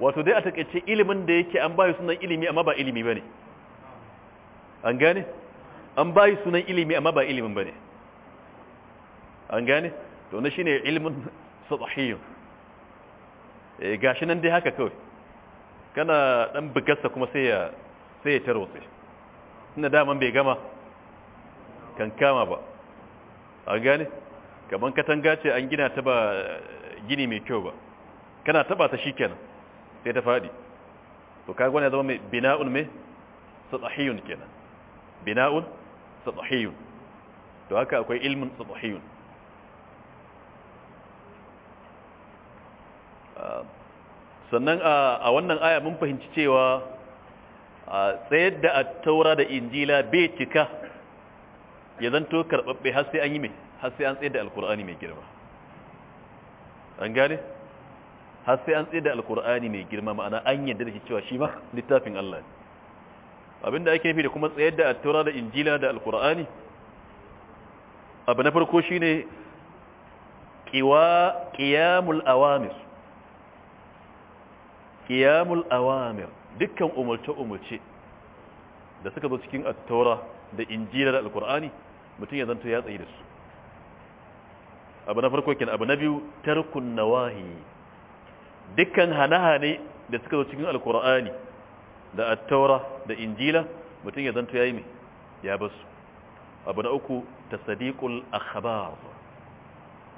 wato dai a takaice ilimin da yake an bayi sunan ilimi amma ba ilimi bane an gane an bayi sunan ilimi amma ba ilimin bane an gane to na shine ilmin subahiyun eh gashi nan dai haka kawai kana dan bugarsa kuma sai ya sai ya tarotse inda daman bai gama kan kama ba a gane kaman katanga ce an gina ta ba eh, gini mai kyau ba kana taba ta shi kenan sai ta faɗi to kaga wani zama mai bina'un mai sadahiyun kenan bina'un sadahiyun to haka akwai ilmin sadahiyun ah, sannan ah, a wannan aya mun fahimci cewa tsayar da taura da injila bai cika ya zanto karɓaɓɓe har sai an yi mai har sai an tsaye da alkur'ani mai girma an gane har sai an tsaye da alkur'ani mai girma ma'ana an yadda da shi cewa shi ma littafin Allah abinda ake nufi da kuma tsayar da taura da injila da alkur'ani abu na farko shi ne awamir awamir dukkan umarce-umarce da suka zo cikin attaura da injila da alkur'ani mutum ya zanto ya tsaye da su abu na farko kin abu na biyu tarkun nawahi dukkan hane-hane da suka zo cikin alkur'ani da attaura da injila mutum ya zanto ya yi mai ya basu abu na uku tasadiqul akhbar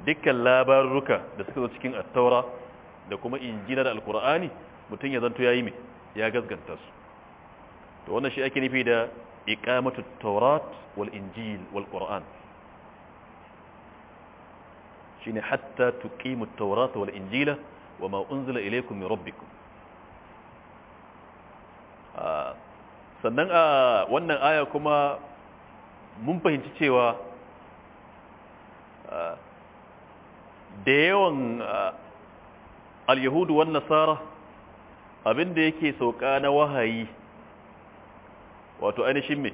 dukkan labaruka da suka zo cikin attaura da kuma injila da alkur'ani mutum ya zanto ya yi mai ya gaskanta su to wannan shi ake nufi da iqamatu taurat wal injil wal qur'an shine hatta tuqimu tawrat wal injila wama unzila ilaykum min rabbikum ah, sannan a ah, wannan aya kuma mun fahimci cewa ah, da yawan al-yahudu wan nasara abin da yake sauka na wahayi wato ainihin me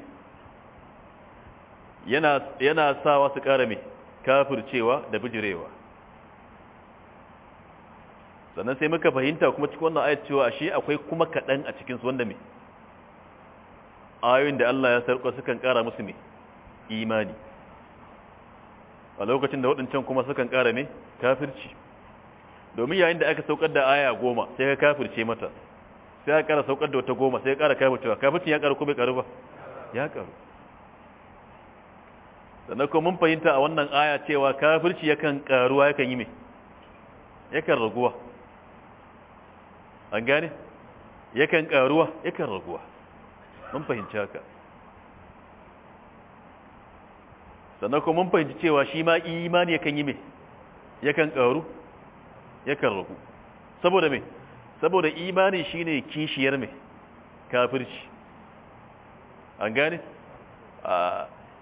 yana yana sawa su ƙara me kafircewa da bijirewa sannan sai muka fahimta kuma cikin wannan ayat cewa ashe akwai kuma kaɗan a cikinsu wanda me ayoyin da Allah ya sarko sukan ƙara musu me imani a lokacin da waɗancan kuma sukan ƙara me kafirci domin yayin da aka saukar da aya goma sai ka kafirce mata sai ka kara saukar da wata goma sai ka kara kafircewa kafircin ya kara ko bai karu ba ya karu sannan kuma mun fahimta a wannan aya cewa kafirci yakan karuwa yakan yi me yakan raguwa an gane yakan karuwa yakan raguwa mun fahimci haka sannan kuma mun fahimci cewa shi ma imani yakan yi me yakan karu yakan ragu saboda me saboda imani shine kishiyar me kafirci an gane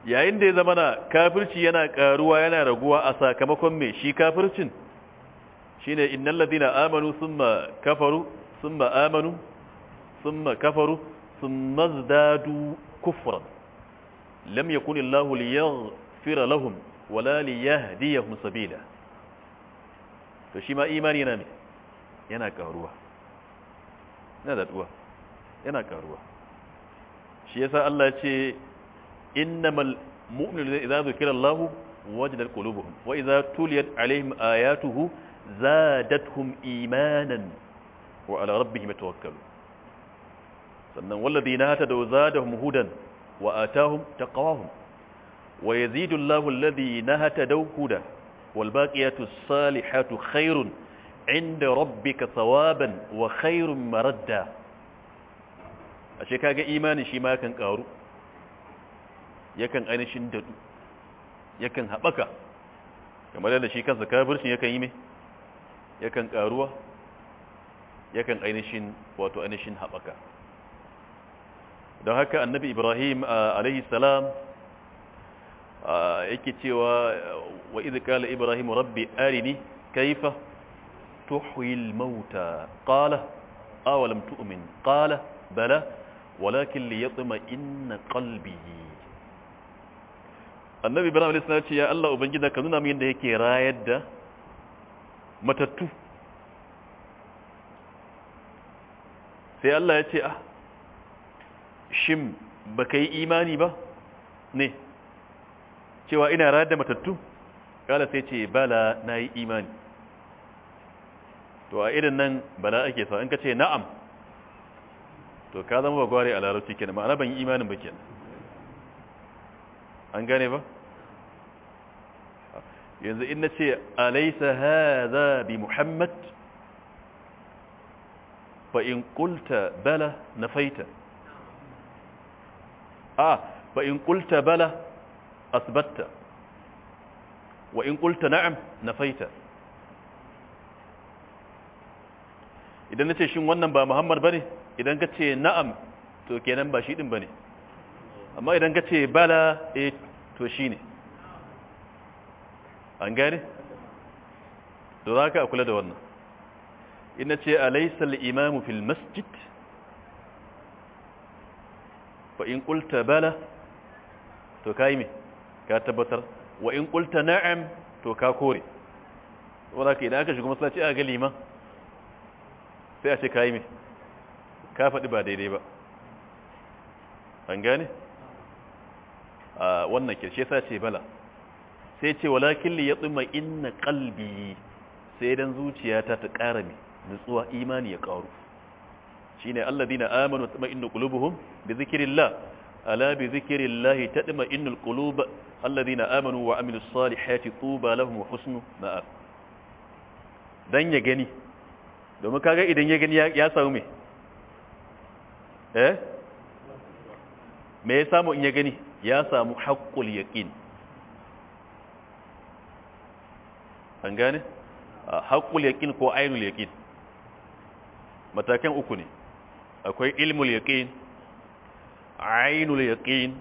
yayin da ya zama na kafirci yana karuwa yana raguwa a sakamakon mai shi kafircin shine innal ladina amanu thumma kafaru thumma amanu thumma kafaru thumma zdadu kufran lam yakunillahu illahu liyaghfira lahum wala liyahdiyahum sabila to shi ma imani yana ne yana karuwa yana daɗuwa yana karuwa shi yasa Allah ce innamal mu'minu idza zukira Allah wajadat qulubuhum wa idza tuliyat alaihim ayatuhu zadatuhum imanan wa ala rabbihim yatawakkalun sannan walladhina hatadu zadahum hudan wa atahum taqwahum wa yazidu Allahu alladhina hatadu hudan wal baqiyatu salihatu khairun inda rabbika thawaban wa khairun maradda ashe kaga imanin shi ma kan karu yakan ainihin dadu yakan habaka kamar yadda shi kansa kafircin yakan yi me yakan karuwa yakan ainihin wato ainihin habaka don haka annabi ibrahim alaihi salam yake cewa wa idh qala ibrahim rabbi arini kayfa tuhyil mauta qala awalam tu'min qala bala walakin liyatma'inna qalbi annabi ibrahim alayhi salatu ya Allah ubangida ka nuna min yadda yake rayar da matattu sai Allah ya ce ah shim baka yi imani ba ne cewa ina rayar da matattu kala sai ce bala na yi imani to a irin nan bala ake sa in ka ce na'am to ka zama bagware a larabci kenan ma'ana ban yi imanin ba kenan an gane ba yanzu in na ce alaisa haza bi muhammad ba in kulta bala na faita a ba in kulta bala asbatta wa in qulta na'am nafaita idan nace shin wannan ba Muhammad bane idan kace na'am to kenan ba shi din bane amma idan kace bala eh to shine an gane to zaka kula da wannan ina ce alaysa al-imamu fil masjid fa in qulta bala to kai me ka tabbatar wa in qulta na'am to ka kore wanda ka idan aka shiga masallaci a ga liman sai a ce kai me ka faɗi ba daidai ba an gane a wannan kirshe sa ce bala sai ce walakin li yatma inna qalbi sai dan zuciyata ta ƙara mi nutsuwa imani ya ƙaru shine alladina amanu tatma inna qulubuhum bi zikrillah ألا بذكر الله تطمئن القلوب الذين آمنوا وعملوا الصالحات طوبى لهم وحسن مآب dan ya gani domin kaga idan ya gani ya samu me ya samu in ya gani ya an gane haqqul ko ainul yaƙin matakan uku ne akwai ilmul yaƙin. ainul yaqin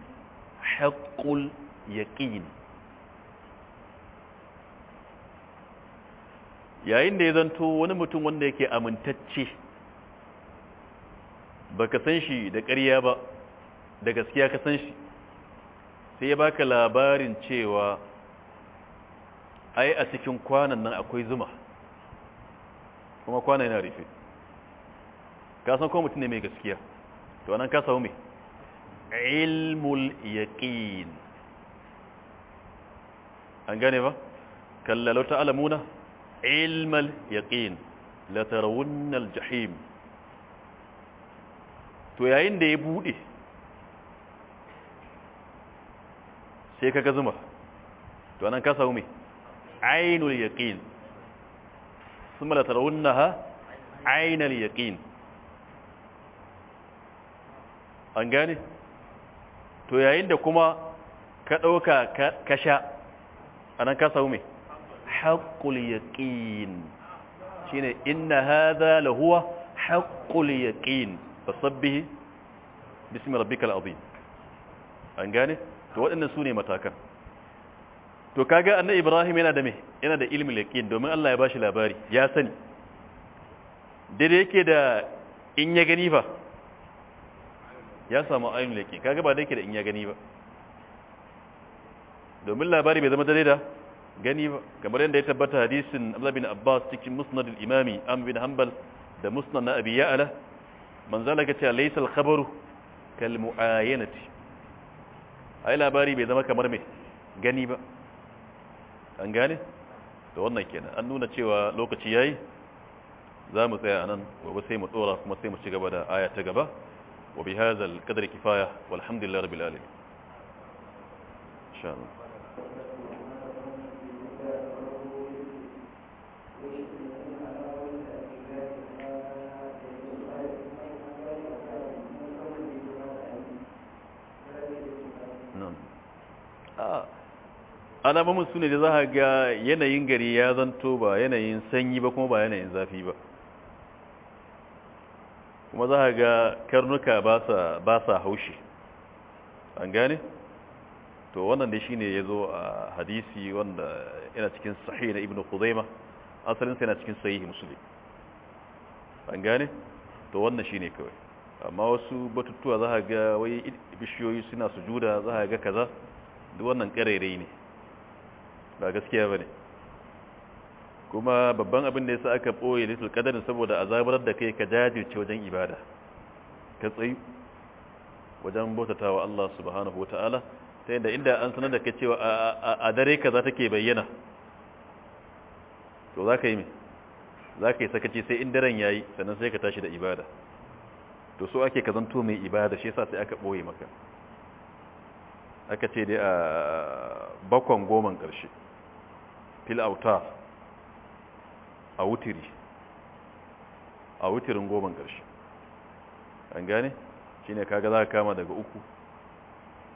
haqqul yaqin yayin da ya zanto wani mutum wanda yake amintacce baka san shi da ƙarya ba da gaskiya ka san shi sai ya baka labarin cewa ai a cikin kwanan nan akwai zuma kuma kwanan yana rufe ka san kuma mutum ne mai gaskiya to anan ka samu mai ilmul yaqin an gane ba kallalo ta alamuna ilmal yaqin la tarawunnal aljahim to yayin da ya bude sai kaga zuma to anan ka samu me ainul yaqin thumma la tarawunnaha ainal yaqin an gane to yayin da kuma ka ɗauka ka sha a nan ka sau mai haƙul yaƙin shi ne ina haza lahuwa haƙul yaƙin ba sabbihi bismi rabbikal azim an gane to waɗannan su ne matakan to kaga annabi ibrahim yana da me yana da ilmi yaƙin domin Allah ya bashi labari ya sani dare yake da in ya gani fa ya samu ayin laki kaga ba dai ke da in ya gani ba domin labari bai zama dare da gani ba kamar yadda ya tabbata hadisin abu bin Abbas cikin Musnad imami am bin Hanbal da Musnad na Abi yaala man Allah kace cewa laisal khabaru kal mu'ayanati ai labari bai zama kamar mai gani ba an gane to wannan kenan an nuna cewa lokaci yayi za mu tsaya nan gobe sai mu tsora kuma sai mu ci gaba da aya ta gaba وبهذا القدر كفاية والحمد لله رب العالمين إن شاء الله alamomin su ne da za a ga yanayin gari ya zanto ba yanayin sanyi ba kuma ba yanayin zafi ba kuma za a ga karnuka ba sa haushi an gane? to wannan da shi ne ya zo a hadisi wanda yana cikin sahi na ibn kuzaima asalinsa yana cikin sahihi Musulmi an gane? to wannan shi ne kawai amma wasu batutuwa za a ga wai bishiyoyi suna sujuda za a ga kaza duk wannan ƙarairayi ne ba gaskiya ba ne kuma babban abin da ya sa aka boye litul qadar saboda azabar da kai ka jajirce wajen ibada ka tsayi wajen wa Allah subhanahu wataala ta yadda inda an sanar da ka cewa a dare ka za ta ke bayyana to za ka yi za ka yi sakaci sai in daren yayi sannan sai ka tashi da ibada to so ake kazanto mai ibada shi yasa sai aka boye maka aka ce dai a bakon goman ƙarshe fil autar a wutiri a wutirin goban ƙarshe an gane shi ne kaga za ka kama daga uku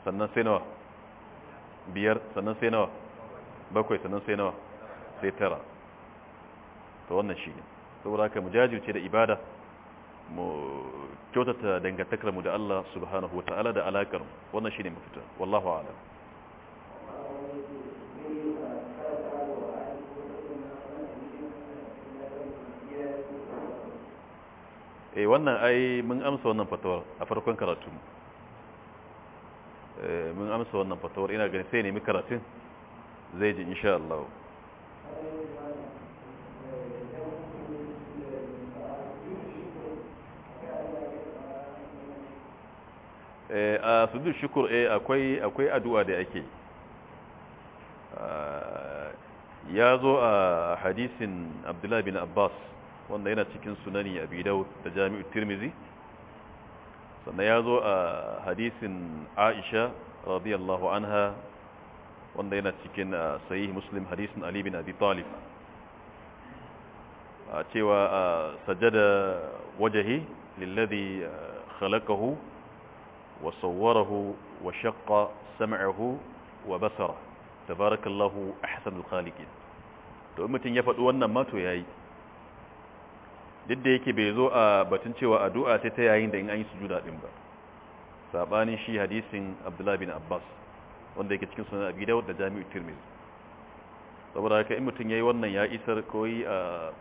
sannan sai nawa biyar sannan sai nawa bakwai sannan sai nawa sai tara ta wannan shi ne saboda haka mu jajirce da ibada mu kyautata dangantakarmu da Allah subhanahu wa ta'ala da alaƙar wannan shi ne mafita wallahu a'lam eh wannan ai mun amsa wannan fatawar a farkon karatu eh, mun amsa wannan fatawar ina ganin sai nemi karatun zai ji insha Allah eh, a sujud shukur eh, akwai akwai addu'a da yake ah, ya zo a hadisin Abdullah bin Abbas wanda yana cikin sunani abi daud da jami'u tirmizi sannan ya zo a hadisin aisha radiyallahu anha wanda yana cikin sahih muslim hadisin ali bin abi talib a cewa sajada wajahi lillazi khalaqahu wa sawwarahu wa shaqqa sam'ahu wa basara tabarakallahu ahsanul khaliqin to mutum ya faɗi wannan ma to yayi duk da yake bai zo a batun cewa addu'a sai ta yayin da in an yi sujuda din ba sabanin shi hadisin Abdullah bin Abbas wanda yake cikin sunan Abi Dawud da Jami'u Tirmidhi saboda haka in mutun yayi wannan ya isar koyi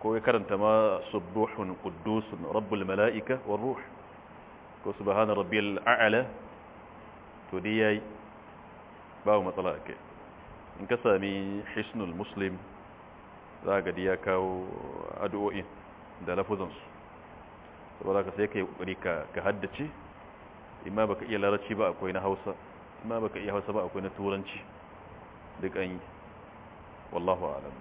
ko ya karanta ma subuhun quddusun rabbul malaika war ruh ko subhana rabbil a'la to dai yayi babu matsala ake in ka sami hisnul muslim za ga ya kawo addu'o'in da lafuzansu saboda ka sai ka yi kokari ka haddace imma baka iya larabci ba akwai na hausa imma baka iya hausa ba akwai na turanci duk an yi wallahu alam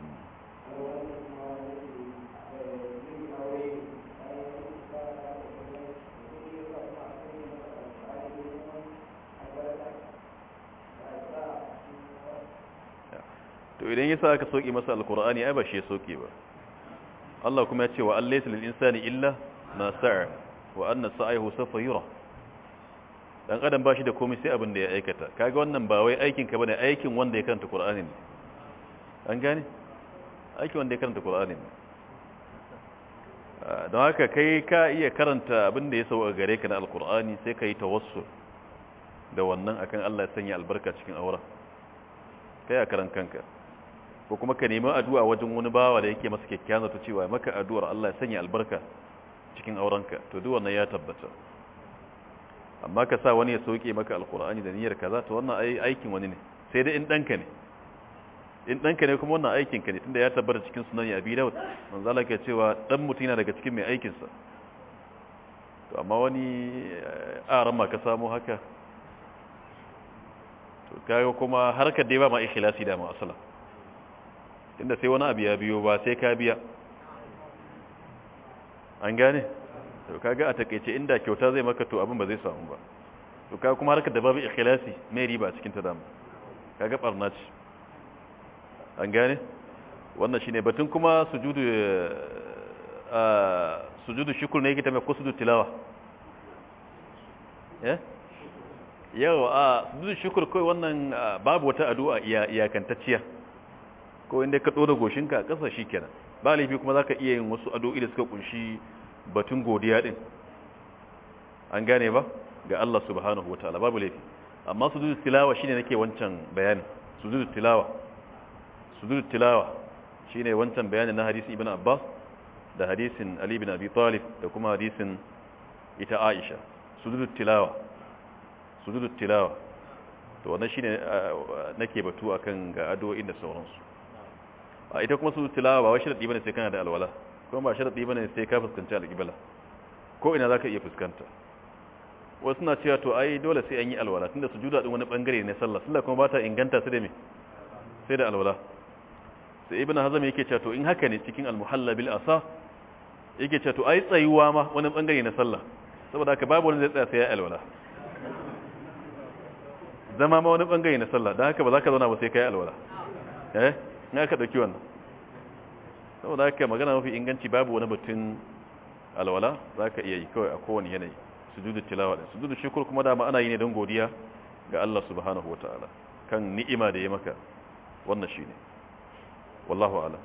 to idan yasa aka soki masa alkur'ani ai ba shi ya soki ba Allah kuma ya ce wa allaysa lil insani illa ma sa'a wa anna sa'ahu safa yura dan adam bashi da komai sai abin da ya aikata kaga wannan ba wai aikin ka bane aikin wanda ya karanta Qur'ani ne an gane aikin wanda ya karanta Qur'ani ne ah, don haka kai ka iya karanta abin da ya a gare ka na alkur'ani sai ka yi tawassul da wannan akan Allah ya sanya albarka cikin aura kai a karan kanka ko kuma ka nemi addu'a wajen wani bawa da yake masa kyakkyawan zato cewa maka addu'ar Allah ya sanya albarka cikin aurenka to duk wannan ya tabbata amma ka sa wani ya sauke maka alqur'ani da niyyar kaza to wannan aikin wani ne sai dai in danka ne in danka ne kuma wannan aikin ka ne tunda ya tabbata cikin sunan abi dawud manzo Allah ke cewa dan mutina daga cikin mai aikin sa to amma wani eh, aran ma ka samu haka to kai kuma harkar dai ba ma ikhlasi da ma asala inda sai wani abu ya biyo ba sai ka biya an gane to ga a takaice inda kyauta zai maka to abin ba zai samu ba to ka kuma harkar da babu ikhlasi mai riba cikin ta dama Ka barna ce an gane wannan shine batun kuma sujudu a eh, eh, sujudu shukr ne yake ta mai ko sujudu tilawa eh yau a sujudu shukr kai wannan babu wata addu'a iyakantacciya ko inda ka tsoro goshinka a ƙasa shi kenan ba laifi kuma za ka iya yin wasu addu'o'i da suka kunshi batun godiya ɗin an gane ba ga Allah subhanahu wa ta'ala babu laifi amma su zuru tilawa shine nake wancan bayanin su zuru tilawa su zuru tilawa shine wancan bayanin na hadisin ibn abbas da hadisin ali bin abi talib da kuma hadisin ita aisha su zuru tilawa su zuru tilawa to wannan shine eh, nake batu akan ga addu'o'in da sauransu A ita kuma su tilawa ba wai sharadi bane sai kana da alwala kuma ba sharadi bane sai ka fuskanci alƙibala ko ina zaka iya fuskanta wasu na cewa to ai dole sai an yi alwala tunda sujuda din wani bangare ne sallah sallah kuma ba ta inganta su da me sai da alwala sai ibn hazm yake cewa to in haka ne cikin almuhalla bil asa yake cewa to ai tsayuwa ma wani bangare na sallah saboda haka babu wani zai tsaya sai ya alwala zama ma wani bangare na sallah dan haka ba za ka zauna ba sai kai alwala eh na ka ɗauki wannan saboda haka magana mafi inganci babu wani batun alwala za ka iya yi kawai a kowane yanayi su sujudu tilawa da su sujudu shukur kuma dama ana yi ne don godiya ga Allah subhanahu ta'ala kan ni'ima da ya maka wannan ne wallahu ala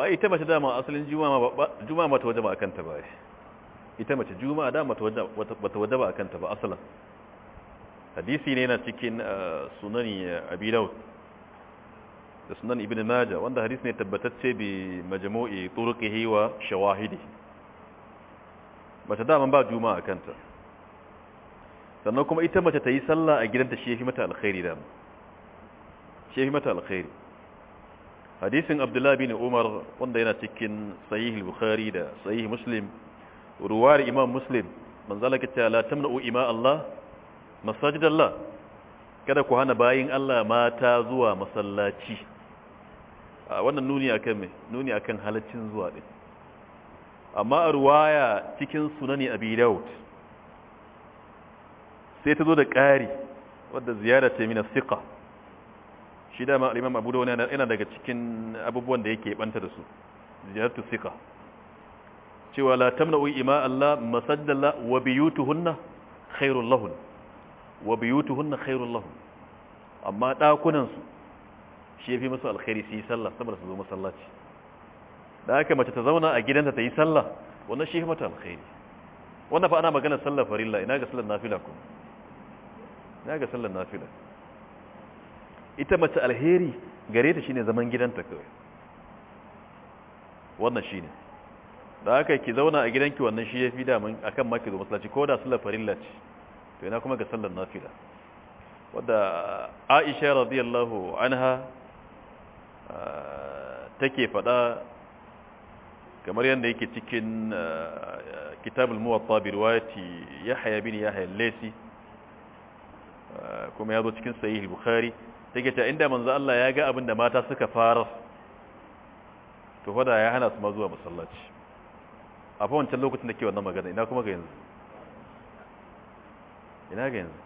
a ita mace dama asalin juma'a ba ta ba a kanta ba ita mace juma'a dama ba ta ba a kanta ba asalin hadisi ne na cikin uh, sunani abi da sunan ibn naja wanda hadisi ne tabbatacce bi majmu'i turqihi wa shawahidi mace dama ba juma'a a kanta sannan kuma ita mace ta yi sallah a gidanta shi mata alkhairi dama shi mata alkhairi hadisin abdullahi bin umar wanda yana cikin sahih bukhari da sahih muslim ruwar imam muslim manzala ka ce la tamna'u ima Allah masajid Allah kada ku hana bayin Allah mata zuwa masallaci a wannan nuni akan me nuni akan halaccin zuwa din amma a ruwaya cikin sunani abi daud sai ta zo da ƙari wadda ziyara ce mina siqa shi dama al'imam abu da yana daga cikin abubuwan da yake banta da su ziyartu sika cewa la tamna'u ima Allah masaddala wa biyutuhunna khairul lahun wa biyutuhunna khairul lahun amma dakunan su shi yafi musu alkhairi su yi sallah saboda su zo masallaci da haka mace ta zauna a gidanta ta yi sallah wannan shi mata alkhairi wannan fa ana magana sallah farilla ina ga sallar nafila kuma ina ga sallar nafila ita mace alheri gare ta shine zaman gidanta kawai wannan shine da aka ki zauna a gidanki wannan shi yafi da mun akan ma ki zo masallaci ko da sallar farilla ce to ina kuma ga sallar nafila wadda Aisha radiyallahu anha ah, take fada kamar yadda yake cikin ah, kitabul muwatta bi riwayati Yahya bin Yahya al-Laysi ah, kuma yazo cikin sahih al-Bukhari take ta inda manzo Allah ya ga abin da mata suka fara to fada ya hana su ma zuwa masallaci a fa wancan lokacin da ke wannan magana ina kuma ga yanzu ina ga yanzu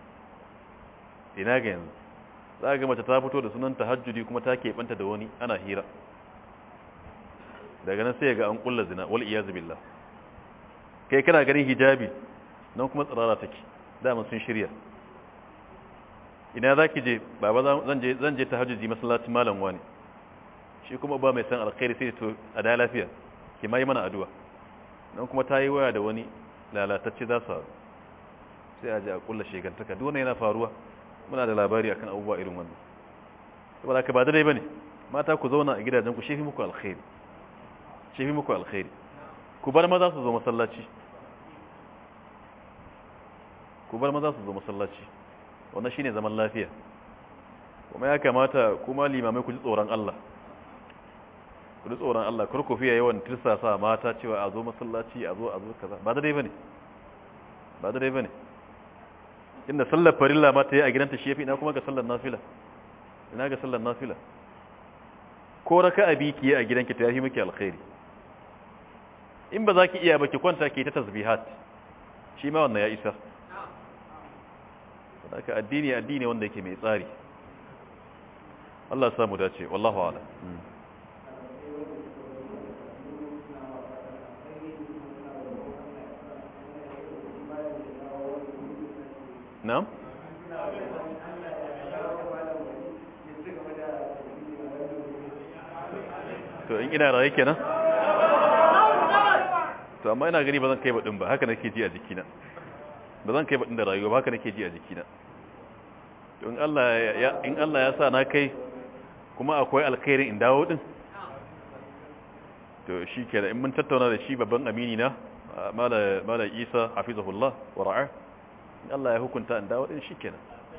ina ga yanzu za ga mace ta fito da sunan tahajjudi kuma ta keɓanta da wani ana hira daga nan sai ga an kulla zina wal iyaz billah kai kana ganin hijabi nan kuma tsirara take dama sun shirya ina za ki je baba zan je ta hajji masallacin malam wani shi kuma ba mai san alkhairi sai to a da lafiya ki mai mana addu'a dan kuma ta yi waya da wani lalatacce za su haru sai a ji a kulla shegantaka duk yana faruwa muna da labari akan abubuwa irin wannan saboda ka ba dai bane mata ku zauna a gidajen ku shefi muku alkhairi shefi muku alkhairi ku bar maza su zo masallaci ku bar maza su zo masallaci wannan shine zaman lafiya kuma ya kamata kuma limamai ku ji tsoron Allah ku ji tsoron Allah kar ku fiye yawan tirsasa mata cewa a zo masallaci a zo a zo kaza ba dare bane ba dare bane inda sallar farilla ma ta yi a gidanta shi yafi ina kuma ga sallar nafila ina ga sallar nafila ko raka bi ki a gidanki ta yafi miki alkhairi in ba za ki iya ba ki kwanta ki ta tasbihat shi ma wannan ya isa haka addini addini wanda yake mai tsari Allah ya samu dace wallahu Ala. Hmm. na'am to in ina raye kenan to amma ina gani ba zan kai ba din ba haka nake ji a jikina ba zan kai baɗin da rayuwa ba haka nake ji a jikina in Allah ya sa na kai kuma akwai alkhairi in dawo din to shi ke da in mun tattauna da shi babban amini na mala isa hafizahullah wa ra'ar in Allah ya hukunta in dawo din shi ke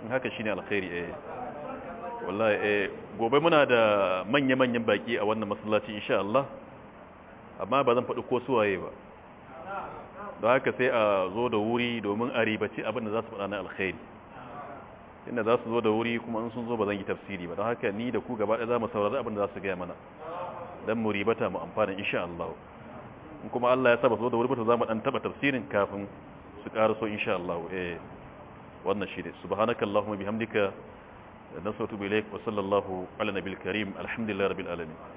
in haka shi ne alkhairi eh wallahi eh gobe muna da manya-manyan baƙi a wannan masallaci insha Allah amma ba zan faɗi ko suwaye ba da haka sai a zo da wuri domin a ribaci abin da za su faɗa na alkhairi inda za su zo da wuri kuma in sun zo ba zan yi tafsiri ba don haka ni da ku gaba ɗaya za mu saurari abin da za su gaya mana don mu ribata mu amfana insha Allah in kuma Allah ya saba zo da wuri ba za mu ɗan taɓa tafsirin kafin su so insha Allah eh wannan shi ne subhanakallahumma bihamdika nasautu bilayk wa sallallahu ala nabil karim alhamdulillahi rabbil alamin